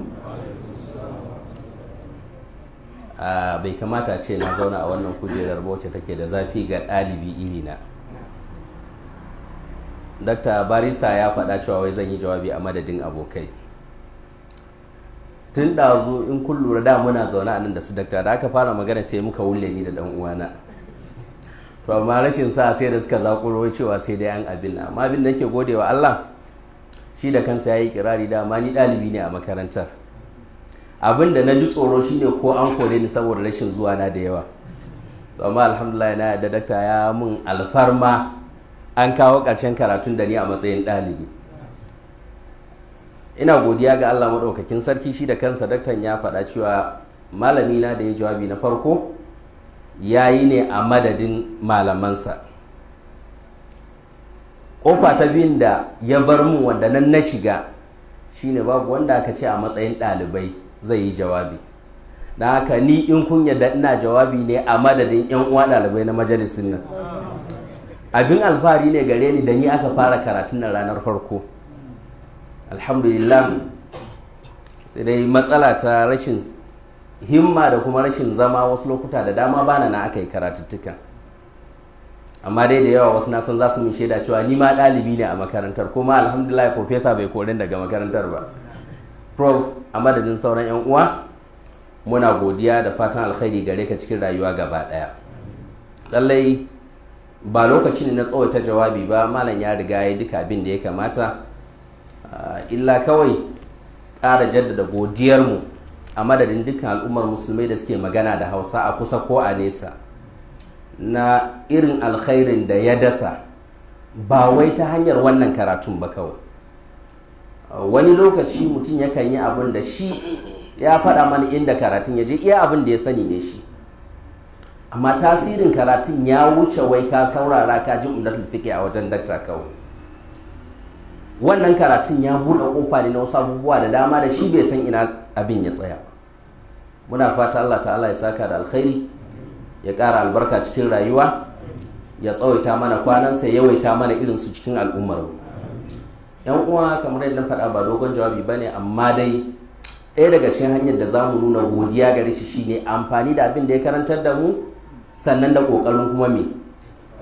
bai kamata ce na zauna a wannan kujerar ba wacce take da zafi ga ɗalibi na. dakta barisa ya faɗa cewa wai zan yi jawabi a madadin abokai tun ɗazu in kun lura da muna zaune a nan da su dakta da aka fara magana sai muka wulle ni da dan uwana to amma rashin sa sai da suka zakuro cewa sai dai an abin amma abin da nake godewa Allah shi da kansa ya yi kirari da ma ni ɗalibi ne a makarantar abin da na ji tsoro shine ko an kore ni saboda rashin zuwa na da yawa amma alhamdulillah na da dakta ya mun alfarma an kawo ƙarshen karatun da ni a matsayin ɗalibi ina godiya ga Allah maɗaukakin sarki shi da kansa daktan ya faɗa cewa malami na da ya jawabi na farko ya yi ne a madadin malamansa ƙofa ta biyun da ya bar mu wanda nan na shiga shine babu wanda aka ce a matsayin ɗalibai zai yi jawabi da haka ni in kunya da ina jawabi ne a madadin yan uwa ɗalibai na majalisin nan abin alfahari ne gare ni da ni aka fara karatun nan ranar farko alhamdulillah sai dai matsala ta rashin himma da kuma rashin zama wasu lokuta da dama bana na aka yi karatuttuka amma dai da yawa wasu nasan za su min shaida cewa ni ma ɗalibi ne a makarantar kuma alhamdulillah profesa bai korin daga makarantar ba prof a madadin sauran 'yan uwa muna godiya da fatan alkhairi gare ka cikin rayuwa gaba ɗaya lallai ba lokaci ne na ta jawabi ba malam ya riga ya duka abin da ya kamata ah, illa kawai ƙara jaddada godiyarmu a madadin dukkan al'ummar musulmai da suke magana da hausa a kusa ko a nesa na irin alkhairin da ya dasa ba wai ta hanyar wannan karatun ba kawai wani lokaci mutum yakan yi abin da shi ya faɗa mana inda karatun ya je iya abin da ya sani ne shi amma tasirin karatun ya wuce wai ka saurara ka ji umdatul fiqh a wajen dakta kawai wannan karatun ya buɗe kofa ne na wasu abubuwa da dama da shi bai san ina abin ya tsaya muna fata Allah ta'ala ya saka da alkhairi ya ƙara albarka cikin rayuwa ya tsawaita mana kwanansa ya yawaita mana irinsu cikin al'ummarmu yan uwa kamar yadda na faɗa ba dogon jawabi ba ne amma dai ɗaya daga cikin hanyar da za mu nuna godiya gare shi shine amfani da abin da ya karantar da mu sannan da ƙoƙarin kuma me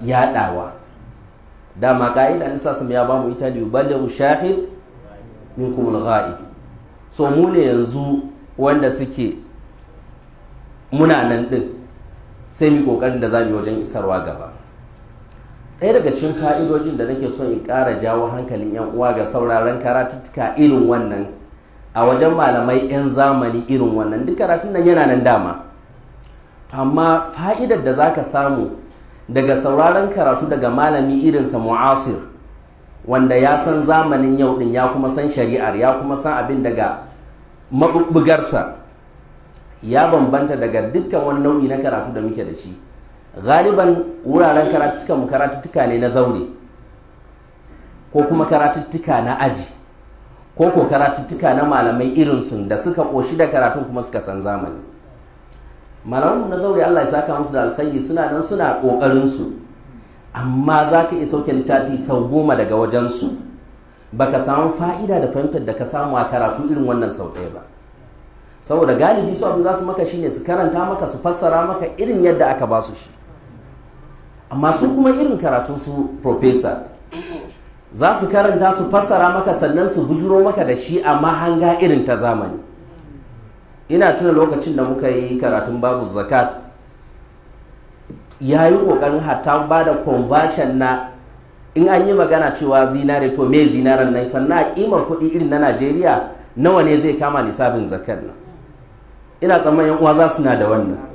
yaɗawa dama ka'ida an sasam ya ba mu ita da yuballighu shahid min al-ghaib so mu ne yanzu wanda suke muna nan din sai mu kokarin da za mu yi wajen isarwa gaba ɗaya daga cikin fa'idojin da nake so in ƙara jawo hankalin 'yan uwa ga sauraron karatuttuka irin wannan a wajen malamai 'yan zamani irin wannan duk karatun nan yana nan dama amma fa'idar da za ka samu daga sauraron karatu daga malami irinsa mu'asir wanda ya san zamanin yau din ya kuma san shari'ar ya kuma san abin daga mabubbugarsa ya bambanta daga dukkan wani nau'i na karatu da muke da shi galiban wuraren mu karatuttuka ne na zaure ko kuma karatuttuka na aji ko ko karatuttuka na malamai irinsu da suka ƙoshi da karatun kuma suka san zamani malamanmu na zaure Allah ya saka musu da alkhairi suna nan suna ƙoƙarinsu amma za ka iya sauke littafi sau goma daga wajen su, baka samu fa'ida da fahimtar da ka samu a karatu irin wannan sau ɗaya ba saboda galibi su abin za su maka shine su karanta maka su fassara maka irin yadda aka ba su shi amma su kuma irin karatun su profesa za su karanta su fassara maka sannan su bujuro maka da shi amma hanga irin ta zamani ina tuna lokacin da muka yi karatun babu zakat ya yi kokarin hatta ba da conversion na in an yi magana cewa zinare to me zinaren nan sannan a kimar kuɗi irin na najeriya nawa ne zai kama lissafin zakar na. ina tsammanin uwa za su na da wannan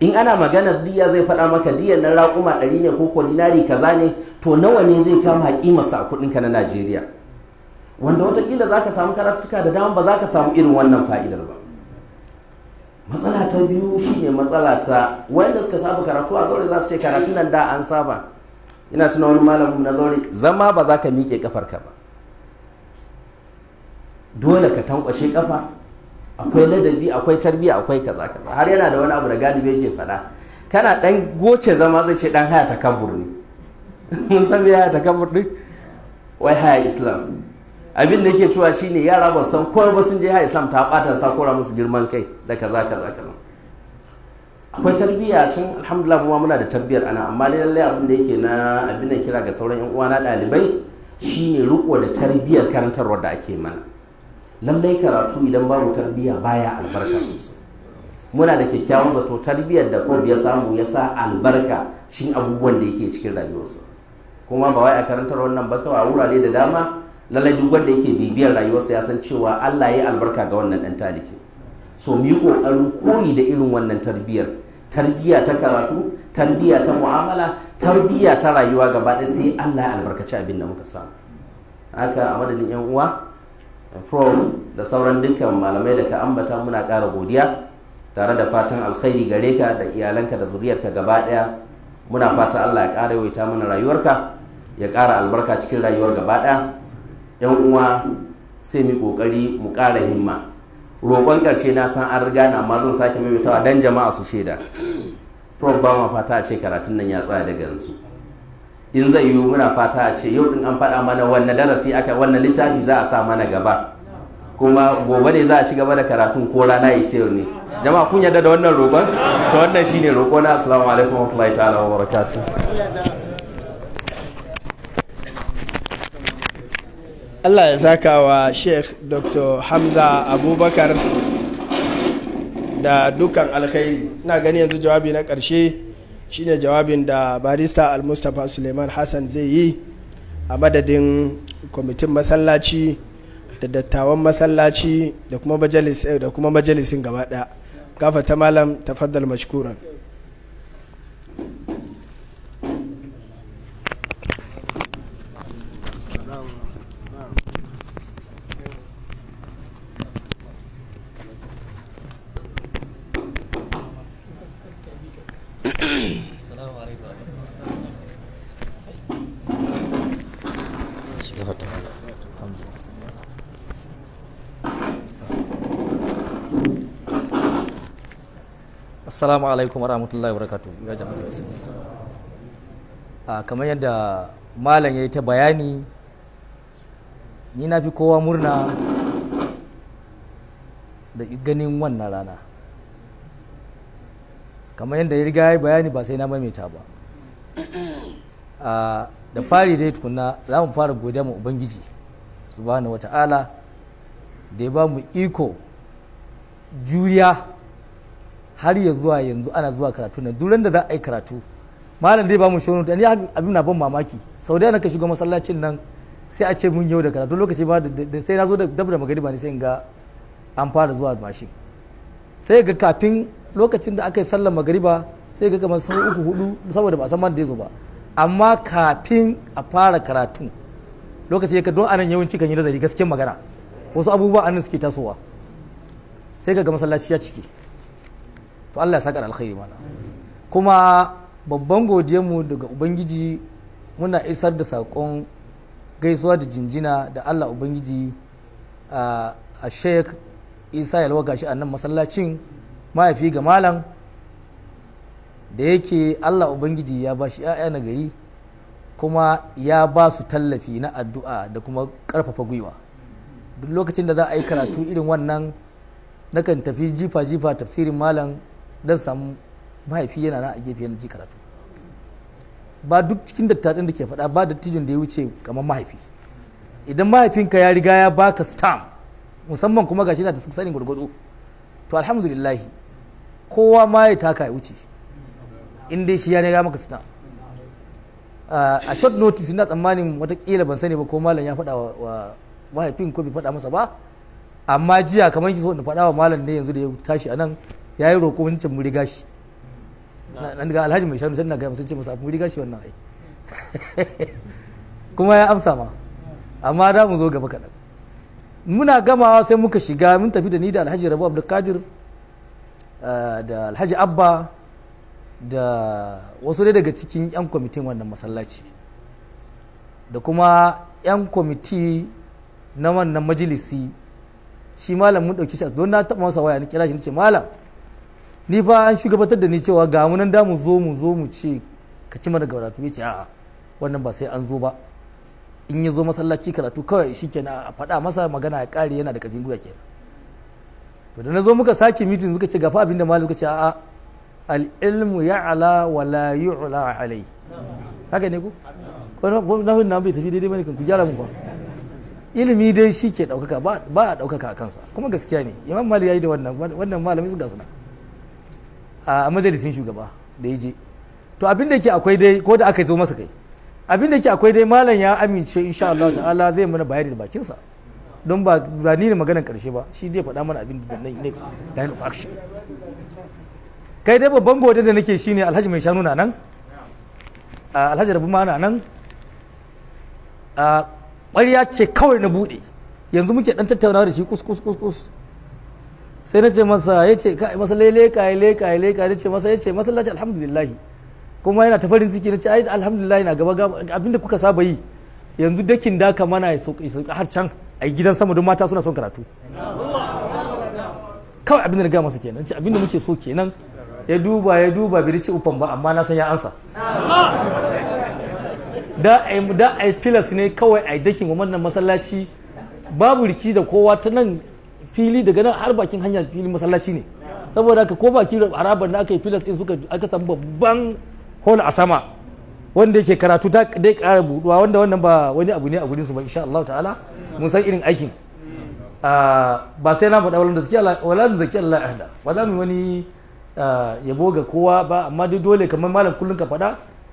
in ana maganar diya zai faɗa maka diyar nan raƙuma ɗari ne ko dinari kaza ne to nawa ne zai kama kimarsa a kuɗinka na najeriya wanda watakila za ka samu karatuka da dama ba za ka samu irin wannan fa'idar ba matsala ta biyu shine matsala ta wanda suka saba karatu a zaure za su ce karatu nan da an saba ina tuna wani malamin na zaure zama ba za ka miƙe kafarka ba dole ka tankwashe kafa akwai ladabi akwai tarbiya akwai kaza kaza har yana da wani abu da galibi yake fada kana dan goce zama zai ce dan haya takabbur ne mun san me haya takabbur din wai haya islam abin da yake cewa shine yara ba san ko ba sun je haya islam ta bata sa kora musu girman kai da kaza kaza kaza akwai tarbiyya cin alhamdulillah kuma muna da tarbiyar ana amma lallai abin da yake na abin da kira ga sauran yan uwa na ɗalibai shine riko da tarbiyyar karantarwar da ake mana lallai karatu idan babu tarbiyya baya albarka sosai muna da kyakkyawan zato tarbiyyar da kob ya samu ya sa albarka cin abubuwan da yake cikin rayuwarsa kuma ba wai a karantar wannan ba kawai a wurare da dama lallai duk wanda yake bibiyar rayuwarsa ya san cewa Allah ya yi albarka ga wannan dan taliki so mu yi kokarin koyi da irin wannan tarbiyyar tarbiyya ta karatu tarbiyya ta mu'amala tarbiyya ta rayuwa gaba ɗaya sai Allah ya albarkaci abin da muka samu haka a madadin yan uwa prof da sauran dukkan malamai da ka ambata muna ƙara godiya tare da fatan alkhairi gare ka da iyalanka da zuriyarka gaba ɗaya muna fata Allah ya ƙara yawaita mana rayuwarka ya ƙara albarka cikin rayuwar gaba ɗaya yan uwa sai mu kokari mu ƙara himma roƙon ƙarshe na san an riga na amma zan sake maimaitawa dan jama'a su shaida prof ba ma fata a ce karatun nan ya tsaya daga yanzu in zai yiwu muna fata a ce yau din an faɗa mana wannan darasi aka wannan littafi za a sa mana gaba kuma gobe ne za a ci gaba da karatun ko rana ya ce ne jama'a kun yarda da wannan roƙon to wannan shine roƙo na assalamu alaikum wa rahmatullahi ta'ala wa barakatuh Allah ya saka wa Sheikh Dr. Hamza Abubakar da dukkan alkhairi ina gani yanzu jawabi na karshe. shine jawabin da barista al-mustapha suleiman hassan zai yi a madadin kwamitin masallaci da dattawan masallaci da kuma majalisin eh, da kuma majalisin gaba ɗaya gafa ta malam tafaddal mashkuran assalamu alaikum wa rahmatullahi wa barakatu ya jama'a a ah, kamar yadda malam ya yi ta bayani ni na fi kowa murna da ganin wannan rana kamar yadda ya riga ya bayani ba sai na maimaita ba ah, da fari dai tukuna za mu fara godiya ma ubangiji subhanahu ta'ala da ya ba mu iko juriya har ya zuwa yanzu ana zuwa karatu na duran da za a yi karatu malam dai ba mu shonu ni abin na ban mamaki sau da ka shiga masallacin nan sai a ce mun yau da karatu lokaci ba da sai na zo da dab magariba ne sai in ga an fara zuwa mashin sai ga kafin lokacin da aka yi sallar magariba sai ga kamar sau uku hudu saboda ba san man da zo ba amma kafin a fara karatu lokaci ya ka don anan yawanci kan yi nazari gaskiyar magana wasu abubuwa anan suke tasowa sai ga masallaci ya ciki to Allah ya saka alkhairi mana kuma babban mu daga ubangiji muna isar da sakon gaisuwa da jinjina da Allah ubangiji a sheik isa yalwa gashi a nan masallacin mahaifi ga malam da yake Allah ubangiji ya ba shi 'ya'ya na gari kuma ya ba su tallafi na addu'a da kuma karfafa gwiwa duk lokacin da za a yi karatu irin wannan nakan tafi jifa-jifa tafsirin malam dan samu mahaifi yana na a gefe yana ji karatu ba duk cikin dattaɗin da ke faɗa ba dattijin da ya wuce kamar mahaifi idan mahaifinka ya riga ya baka stam musamman kuma gashi na da sani gwargwado to alhamdulillah kowa ma ya taka ya wuce in dai shi ya riga maka stam a short notice ina tsammanin watakila ban sani ba ko malam ya faɗa wa mahaifin ko bai faɗa masa ba amma jiya kamar ki so in faɗa wa malam ne yanzu da ya tashi a nan ya yi roƙo wancan muri gashi na daga alhaji mai shanu na gaya masu ce masa muri gashi wannan ai kuma ya amsa ma amma da mu zo gaba kaɗan muna gamawa sai muka shiga mun tafi da ni da alhaji rabu abdulkadir eh, da alhaji abba da wasu dai daga cikin 'yan kwamitin wannan masallaci da kuma 'yan kwamiti na wannan majalisi shi malam mun ɗauki shi don na taɓa masa waya ni kira shi ni ce malam ni fa an shugabatar da ni cewa ga mu nan da mu zo mu zo mu ce ka ci mana gauratu ya ce a'a wannan ba sai an zo ba in ya zo masallaci karatu kawai shi kenan a faɗa masa magana ya ƙare yana da ƙarfin gwiwa kenan to da na zo muka sake mitin suka ce gafa abinda malu suka ce a'a al ilmu ya'la wa la yu'la alai haka ne ku ko na hun na bai tafi daidai bane ku gyara mu fa. ilimi dai shi ke ɗaukaka ba a ɗaukaka a kansa kuma gaskiya ne imam malik ya yi da wannan wannan malamin su ga suna a majalisin shugaba da ya je to abin da ke akwai dai ko da aka zo masa kai abin da ke akwai dai malam ya amince insha Allah ta'ala zai mana bayani da bakinsa don ba ni ne maganar karshe ba shi zai faɗa mana abin da next line of action kai dai babban gode da nake shine alhaji mai shanu na nan alhaji rabu ma na nan ƙwarya ce kawai na buɗe yanzu muke ɗan tattaunawa da shi kus kus kus kus sai na ce masa ya ce masa lele kai lele kai lele ka ce masa ya ce masallaci alhamdulillah kuma yana ta farin ciki na ce ai alhamdulillah na gaba abinda kuka saba yi yanzu dakin da ka mana ya sauka har can a gidan sama don mata suna son karatu kawai abinda na gaya masa kenan ce abinda muke so kenan ya duba ya duba bai ce ufan ba amma na san ya ansa da ai da ai filas ne kawai a dakin wannan masallaci babu riki da kowa ta nan fili daga nan har bakin hanya filin masallaci ne saboda haka ko baki harabar da aka yi filas din suka aka samu babban hol a sama wanda yake karatu ta dai kara buduwa wanda wannan ba wani abu ne a gurin su ba insha Allah ta'ala mun san irin aikin ah, ba sai na faɗa wanda zaki Allah wala zaki Allah ahda ba za mu wani ah, yabo ga kowa ba amma dai dole kamar malam kullun ka faɗa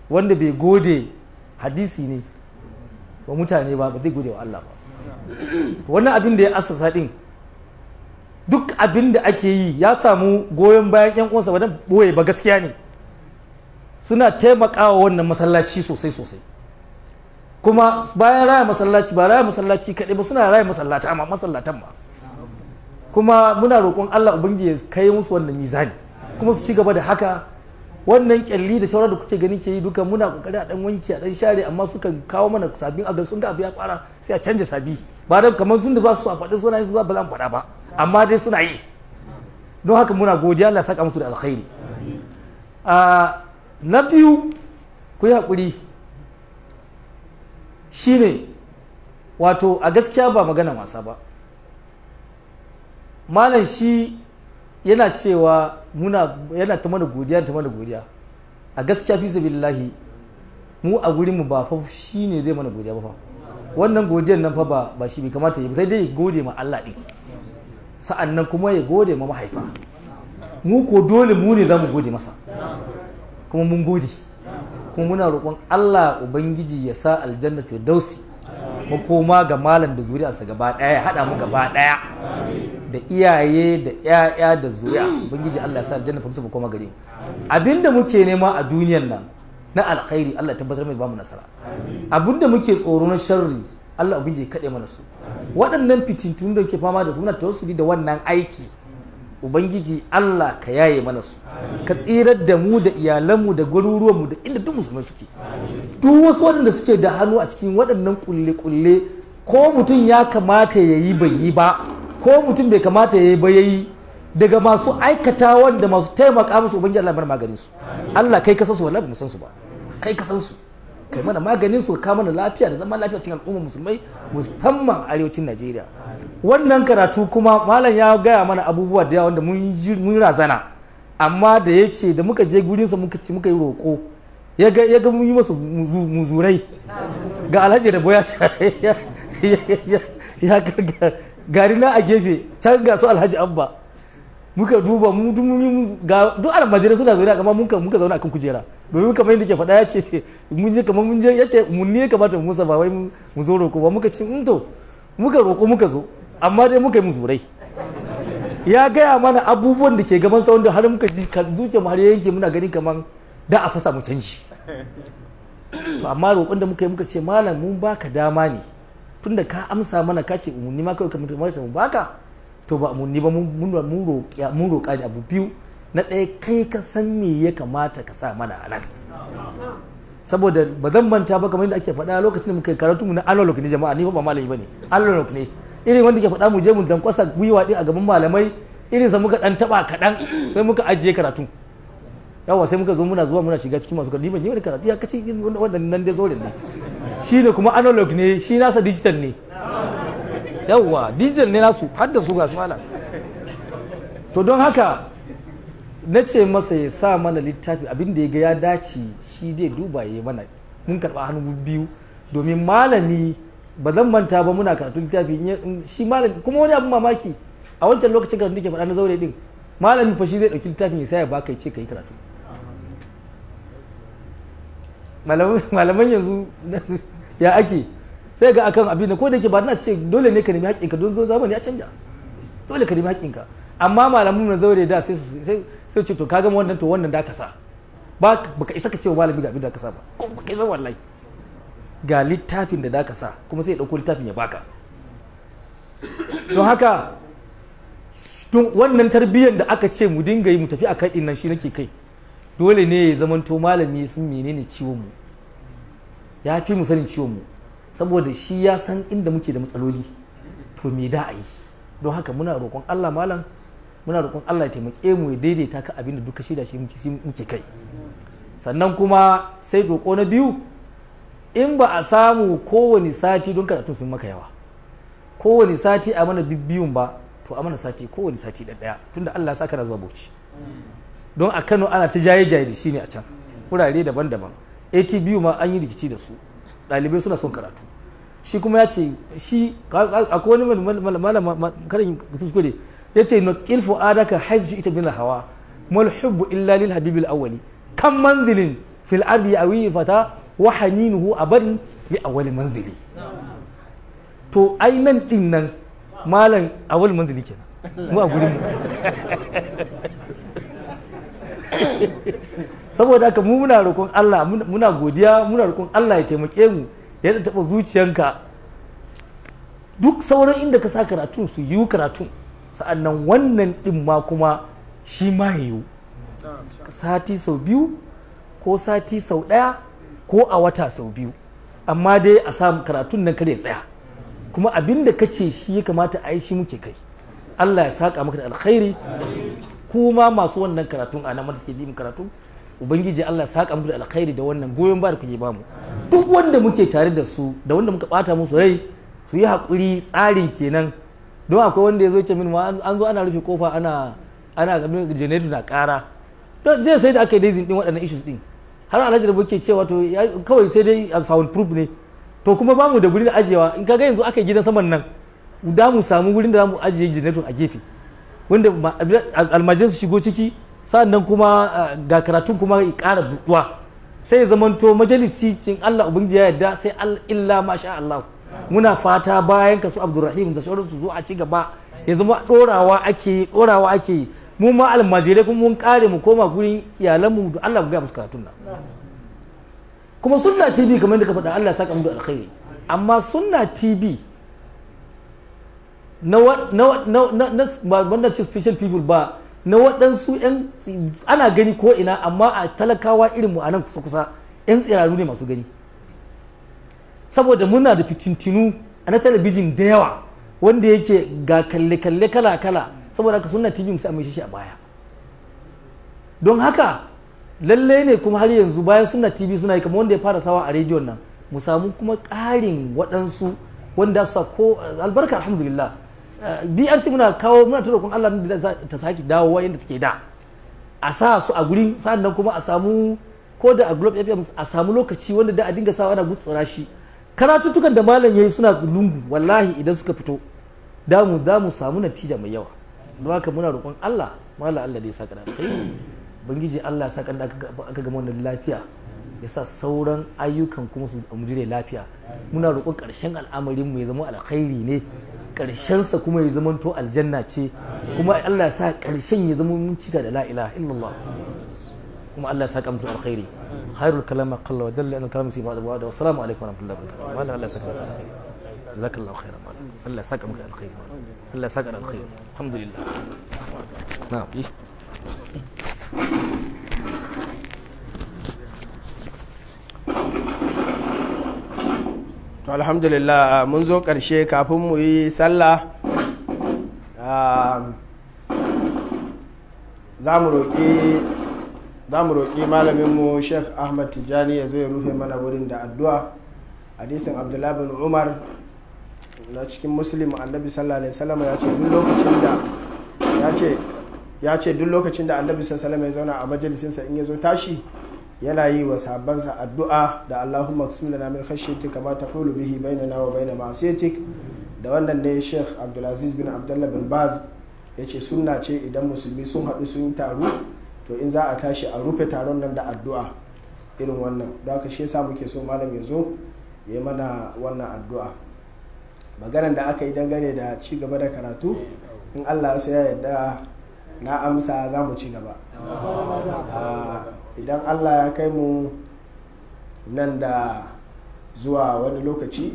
wanda bai gode hadisi ne wa mutane ba ba zai gode wa Allah ba wannan abin da ya assasa din duk abin da ake yi ya samu goyon bayan yan uwansa ba boye ba gaskiya ne suna taimakawa wannan masallaci sosai sosai kuma bayan raya masallaci ba raya masallaci kaɗai ba suna raya masallata amma masallatan ba. kuma muna roƙon Allah ubangiji ya kai musu wannan mizani kuma su ci gaba da haka wannan kyalli da shawarar da kuke gani ke yi duka muna kokari a dan wanki a dan share amma sukan kawo mana sabbin abin sun ga abu ya fara sai a canja sabi ba dan kamar sun da ba su a faɗi sunayen su ba ba zan faɗa ba amma dai suna yi don haka muna godiya Allah saka musu da alkhairi ah, na biyu ku yi haƙuri shine wato a gaskiya ba magana wasa ba malam shi yana cewa muna yana ta mana godiya ta mana godiya a gaskiya fi sabilillahi mu a gurin mu ba fa shine zai mana godiya ba fa wannan godiyar nan fa ba shi bai kamata ya kai dai gode ma Allah din Sa'an nan kuma ya gode ma mahaifa mu ko dole mu ne za mu gode masa kuma mun gode kuma muna roƙon Allah ubangiji ya sa aljanna mu koma ga malam da zuri'arsa gaba ɗaya ya haɗa mu gaba ɗaya da iyaye da ƴaƴa da zuri'a ubangiji Allah ya sa aljanna firdausi mu koma gare mu abinda muke nema a duniyan nan na alkhairi Allah tabbatar mai bamu nasara abinda muke tsoro na sharri Allah ubin ya kaɗe mana su waɗannan fitintun da ke fama da su muna tawassuli da wannan aiki ubangiji Allah ka yaye mana su ka tsirar da mu da iyalanmu da garuruwanmu da inda duk musulmai suke duk wasu waɗanda suke da hannu a cikin waɗannan kulle-kulle ko mutum ya kamata ya yi bai yi ba ko mutum bai kamata ya yi ba ya yi daga masu aikata wanda masu taimaka musu ubangiji Allah bar maganin su Allah kai ka san su wallahi mu san su ba kai ka san su kai mana maganin su ka mana lafiya da zaman lafiya cikin al'ummar musulmai musamman arewacin Najeriya wannan karatu kuma malam ya gaya mana abubuwa da yawa wanda mun razana amma da ya ce da muka je gurinsa muka ci muka yi roƙo ya ga mun yi masa muzurai ga alhaji da boya ya gari na a gefe can ga su alhaji abba muka duba mu mun ga duk almajirai suna zaune kamar mun muka zauna kan kujera domin kamar yadda ke faɗa ya ce mun je kamar mun je ya ce mun ne kamata mu musa ba wai mu zo roƙo ba muka ci in mm, to muka roƙo muka zo amma dai muka yi muzurai ya gaya mana abubuwan da ke gaban sa wanda har muka zuce mu har yanke muna gani kamar da a fasa mu canji to amma roƙon da muka yi muka ce malam mun baka dama ne tunda ka amsa mana ka ce umarni ma kawai kamar mu baka to ba mu ni ba mun roƙa da abu biyu na ɗaya kai ka san me ya kamata ka sa mana a nan saboda ba zan manta ba kamar yadda ake faɗa lokacin da muka karatu mu na analog ne jama'a ni ba malami bane analog ne irin wanda ke faɗa mu je mu dan kwasa gwiwa din a gaban malamai irin sa muka dan taba kaɗan sai muka ajiye karatu yawa sai muka zo muna zuwa muna shiga cikin masu karatu ban yi wani karatu ya kace wannan nan dai zaurin ne shine kuma analog ne shi nasa digital ne yawwa diesel ne nasu har da su gasu su malam to don haka na ce masa ya sa mana littafi abin da ya ga ya dace shi dai duba ya mana mun karɓa hannu biyu domin malami ba zan manta ba muna karatu littafi shi malami kuma wani abin mamaki a wancan lokacin karatu ke faɗa na zaure din malami fa shi zai ɗauki littafin ya saya baka ya ce ka yi karatu malaman yanzu ya ake sai ga akan abin da ko da yake ba na ce dole ne ka nemi haƙƙinka don zo zamani ya canja dole ka nemi haƙƙinka amma malamin na zaure da sai sai ce to ka wannan to wannan da ka sa ba baka isa ka ce malami ga abin da ka sa ba ko baka isa wallahi ga littafin da da ka sa kuma sai ya dauko littafin ya baka don haka wannan tarbiyyar da aka ce mu dinga yi mu tafi a kaɗin nan shi nake kai dole ne ya zamanto malami sun menene ciwon mu ya fi mu sanin ciwon mu saboda shi ya san inda muke da matsaloli to me da a yi don haka muna roƙon Allah malam muna roƙon Allah ya taimake mu ya daidaita ka abin da duka shaida shi muke kai sannan kuma sai roƙo na biyu in ba a samu kowane sati don karatun sun maka yawa kowane sati a mana bibbiyun ba to a mana sati kowane sati da ɗaya tunda Allah ya saka na zuwa Bauchi don a Kano ana ta jaye jaye da shi ne a can wurare daban-daban biyu ma an yi rikici da su ɗalibai suna son karatu shi kuma ya ce shi akwai wani malama karin kuskure ya ce naqil fu'adaka haizu ita bin hawa mal hubbu illa lil habibil awwali kan manzilin fil ardi awi fata wa haninuhu aban li awwali manzili to ai nan din nan malam awwal manzili kenan mu a gurin mu saboda haka mu muna roƙon Allah muna godiya muna roƙon Allah ya taimake mu ya da taɓa zuciyanka duk sauran inda ka sa karatun su yiwu karatun sa'annan wannan ɗin ma kuma shi ma ya yiwu sati sau biyu ko sati sau ɗaya ko a wata sau biyu amma dai a samu karatun nan kada ya tsaya kuma abin da ka ce shi ya kamata a yi shi muke kai Allah ya saƙa maka da alkhairi kuma masu wannan karatun a nan suke bi karatun. ubangiji Allah saka muku da alkhairi da wannan goyon ba da kuke mu duk wanda muke tare da su da wanda muka bata musu rai su yi hakuri tsarin kenan don akwai wanda ya zo ce min ma an zo ana rufe kofa ana ana generator na kara don zai sai da aka dai zin din waɗannan issues din har alhaji da muke cewa to kawai sai dai sound proof ne to kuma bamu da gurin ajiyawa in kaga yanzu aka gidan saman nan da mu samu gurin da za mu ajiye generator a gefe wanda almajiran su shigo ciki sannan kuma ga karatun kuma ya ƙara buɗuwa sai ya zamanto majalisi cin Allah ubangiji ya yarda sai illa masha Allah muna fata bayan ka su Abdulrahim da shawarar su zo a ci gaba ya zama dorawa ake dorawa ake mu ma almajirai kuma mun kare mu koma gurin iyalanmu da Allah ga musu karatun nan kuma sunna TV kamar da ka faɗa Allah ya saka mu da alkhairi amma sunna TV na na na na na special people ba na waɗansu 'yan ana gani ko ina amma a talakawa irinmu a nan kusa-kusa 'yan tsiraru ne masu gani saboda muna da fitintinu a na talabijin da yawa wanda yake ga kalle-kalle kala-kala saboda haka suna tv su a mai shi a baya don haka lalle ne kuma har yanzu bayan suna tibi suna yi kamar wanda ya fara sawa a rediyon nan mu samu kuma ƙarin waɗansu wanda su ko albarka alhamdulillah DRC muna kawo muna ta kun Allah da ta sake wa yadda take da a sa su a guri sannan kuma a samu ko da a Globe FM a samu lokaci wanda da a dinga sawa ana gutsura shi karatutukan da malam yayi suna lungu wallahi idan suka fito da mu da mu samu natija mai yawa don haka muna roƙon Allah malam Allah da ya saka da kai bangiji Allah ya saka da aka gama wannan lafiya ya sa sauran ayyukan kuma su amuri lafiya muna roƙon ƙarshen al'amarin mu ya zama alkhairi ne sa kuma ya zamanto aljanna ce kuma Allah sa karshen ya zama mun cika da la ilaha illallah kuma Allah sa kamtu alkhairi khairul kalama qalla wa dalla an kalamu fi ba'd wa wa assalamu alaikum wa rahmatullahi wa barakatuh mallan Allah sa kamtu alkhairi jazakallahu khairan mallan Allah sa kamtu alkhairi Allah sa kamtu alkhairi alhamdulillah na'am to alhamdulillah mun zo karshe kafin mu yi sallah za mu roƙi malaminmu sheikh ahmad tijjani ya zo ya rufe mana wurin da addu'a hadisin abdullahi bin umar na cikin muslim annabi sallallahu alaihi wasallam ya ce duk lokacin da ya ce ya ce duk lokacin da annabi sallallahu alaihi wasallam ya zauna a majalisinsa in ya zo tashi yana yi wa sabansa addu'a da Allahumma qsim lana min khashyatik kama taqulu bihi bainana wa na ma'siyatik da wannan ne Sheikh Abdulaziz bin Abdullah bin Baz yace sunna ce idan musulmi sun haɗu sun taru to in za a tashi a rufe taron nan da addu'a irin wannan da haka shi yasa muke so malam ya zo ya mana wannan addu'a maganar da aka yi dangane da ci gaba da karatu in Allah ya yarda na amsa za mu ci gaba ah, idan allah ya kai mu nan da zuwa wani lokaci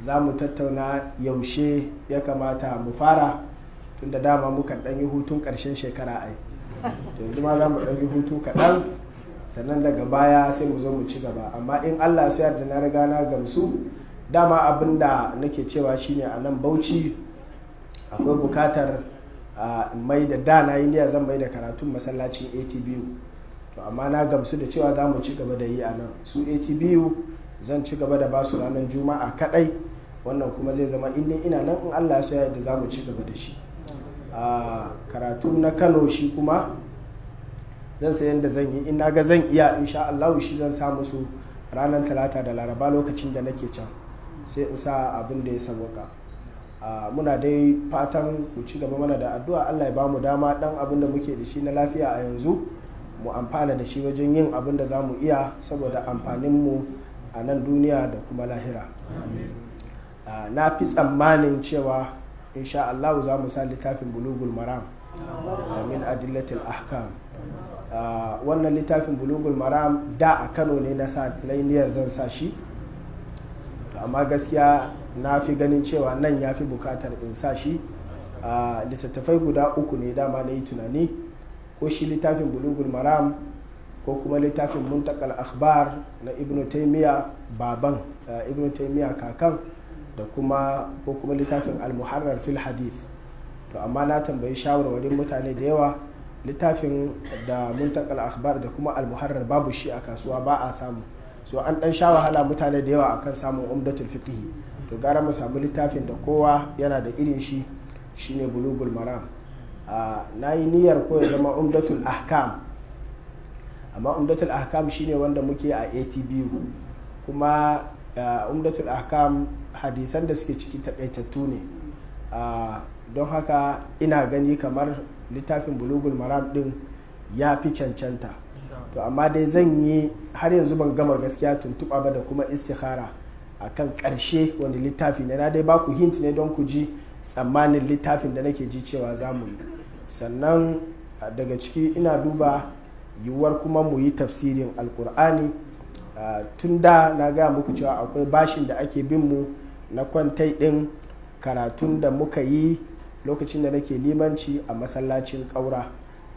za mu tattauna yaushe ya kamata mu fara tun da dama muka ɗan yi hutun ƙarshen shekara ai yanzu ma za mu ɗan yi hutu kaɗan sannan daga baya sai mu zo mu ci gaba amma in allah su yarda na riga na gamsu dama abin da nake cewa shine a nan bauchi akwai bukatar mai da da na yi niyya zan mai da karatun masallacin atbu to amma na gamsu da cewa za mu ci gaba da yi a nan su atbu zan ci gaba da basu ranar juma'a kadai wannan kuma zai zama inda ina nan in allah ya yadda za mu ci gaba da shi a karatu na kano shi kuma zan sayan da zan yi ina ga zan iya insha allahu shi zan sa musu ranar talata da laraba lokacin da nake can sai in sa abin da ya sauka muna dai fatan ku ci gaba mana da addu'a allah ya ba dama dan abin da muke da shi na lafiya a yanzu mu amfana da shi wajen yin abin da za mu iya saboda amfaninmu a nan duniya da kuma lahira na fi tsammanin cewa insha Allah za mu sa littafin bulugul maram min adillatil ahkam wannan littafin bulugul maram da a kano ne na lainiyar zan sa shi amma gaskiya na fi ganin cewa nan ya fi bukatar in sa shi littattafai guda uku ne dama na yi tunani ko shi littafin bulugul maram ko kuma littafin muntakal akhbar na ibn taymiya baban eh, ibn taymiya kakan da kuma ko kuma littafin al-muharrar fil hadith to amma na tambayi shawarwarin mutane da yawa littafin da muntakal akhbar da kuma al-muharrar babu shi a kasuwa ba a samu so an dan sha wahala mutane da yawa akan samun umdatul fiqh to gara mu samu littafin da kowa yana da irin shi shine bulugul maram na yi niyyar ko ya zama umdatul ahkam amma umdatul ahkam shine wanda muke a atbu kuma umdatul ahkam hadisan da suke ciki takaitattu ne don haka ina gani kamar littafin bulugul maram din ya fi cancanta to amma dai zan yi har yanzu ban gama gaskiya tuntuɓa ba da kuma istikhara a kan ƙarshe wani littafi ne na dai baku hint ne don ku ji tsammanin littafin da nake ji cewa za mu yi sannan daga ciki ina duba yiwuwar kuma mu yi tafsirin alkur'ani tun da na gaya muku cewa akwai bashin da ake bin mu na kwantai ɗin karatun da muka yi lokacin da nake limanci a masallacin ƙaura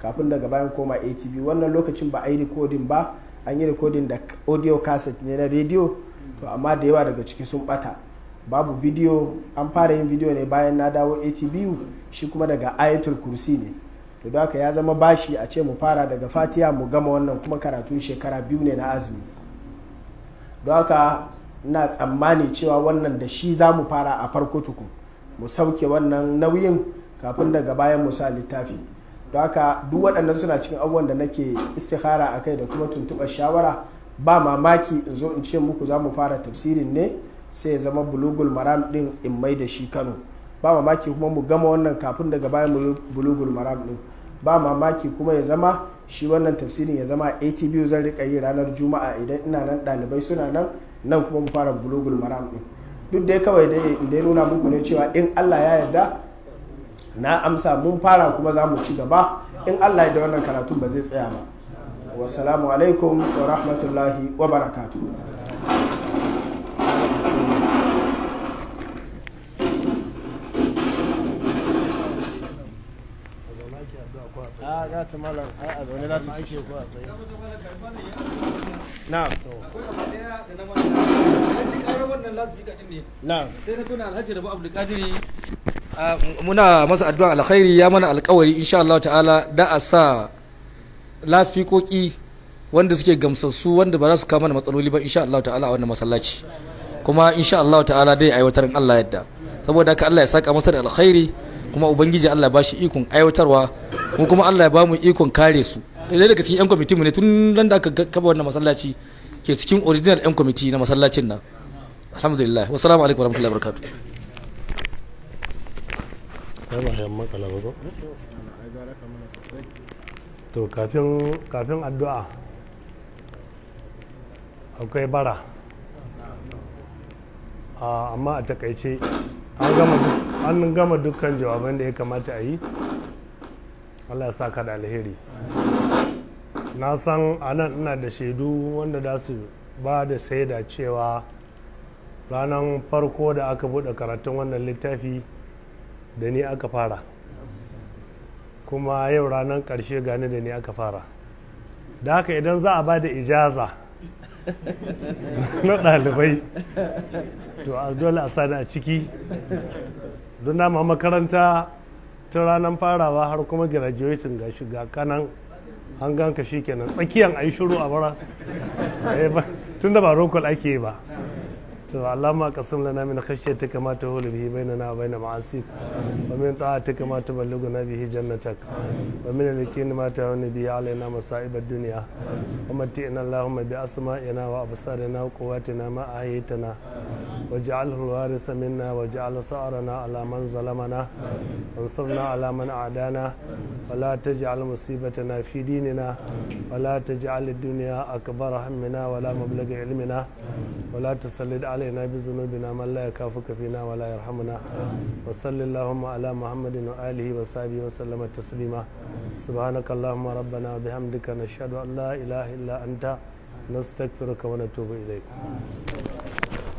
kafin daga bayan koma atv wannan lokacin ba a yi rikodin ba an yi rikodin da audio cassette ne na rediyo to amma da yawa daga ciki sun bata babu video an fara yin video ne bayan na dawo atbu shi kuma daga ayatul kursi ne to da haka ya zama bashi a ce mu fara daga fatiya mu gama wannan kuma karatun shekara biyu ne na azumi da haka na tsammani cewa wannan da shi za mu fara a farko tuku, mu sauke wannan nauyin kafin daga bayan mu sa littafi don duk waɗannan suna cikin abubuwan da nake istihara a kai da kuma tuntuɓar shawara ba mamaki in zo in ce muku za mu fara tafsirin ne sai ya zama bulugul maram din in mai da shi kano ba mamaki kuma mu gama wannan kafin daga baya mu yi bulugul maram din ba mamaki kuma ya zama shi wannan tafsirin ya zama atb zan rika yi ranar juma'a idan ina nan ɗalibai suna nan nan kuma mu fara bulugul maram din duk dai kawai da ya nuna muku ne cewa in allah ya yarda na amsa mun fara kuma za mu ci gaba in allah ya da wannan karatun ba zai tsaya ba wasalamu alaikum wa rahmatullahi wa barakatuh ta malam a zaune za ta kishe ku a tsaye na to na sai na tuna alhaji muna masa addu'a alkhairi ya mana alkawari insha Allah ta'ala da a sa lasfikoki wanda suke gamsassu wanda ba za su kama da matsaloli ba insha Allah ta'ala a wannan masallaci kuma insha Allah ta'ala dai aiwatar in Allah yadda saboda ka Allah ya saka masa da alkhairi kuma ubangiji Allah ya bashi ikon aiwatarwa kuma kuma Allah ya bamu ikon kare su ɗaya daga cikin yan kwamiti mu ne tun nan da aka kaba wannan masallaci ke cikin original yan kwamiti na masallacin nan alhamdulillah salamu alaikum warahmatullahi wabarakatuh to kafin kafin addu'a akwai bara ah, amma a takaice an gama dukkan jawaban da ya kamata a yi allah ya saka da alheri na san anan ina da shaidu wanda za su ba da saida cewa ranar farko da aka bude karatun wannan littafi da ni aka fara kuma yau ranar karshe gani da ni aka fara da haka idan za a ba da ijaza na ɗalibai to a dole a sani a ciki don na makaranta ta ranar farawa har kuma graduating ga shiga kanan hanganka shi kenan tsakiyan a yi shuru a bara eh, tun da ba rokol ake ba to alama kasimla na mina khashiyar ta kama ta bihi bai na na bai na ma'asi wa min ta kamata ta ballugu na bihi jannata wa min alikin ma ta hauni bihi alai na masa'iba duniya wa mati ina Allahumma bi asma ina wa abasari na kuwati na ma ayyata na wa ja'al hulwari wa ja'al sa'ara na alaman zalamana wa nsirna alaman adana wa la ta ja'al musibata na fi ta ja'al duniya akabar hammina wa la mablaga ilmina wa ta sallid علينا بذنوبنا من لا يكافك فينا ولا يرحمنا وصل اللهم على محمد وآله وصحبه وسلم تسليما سبحانك اللهم ربنا وبحمدك نشهد أن لا إله إلا أنت نستغفرك ونتوب إليك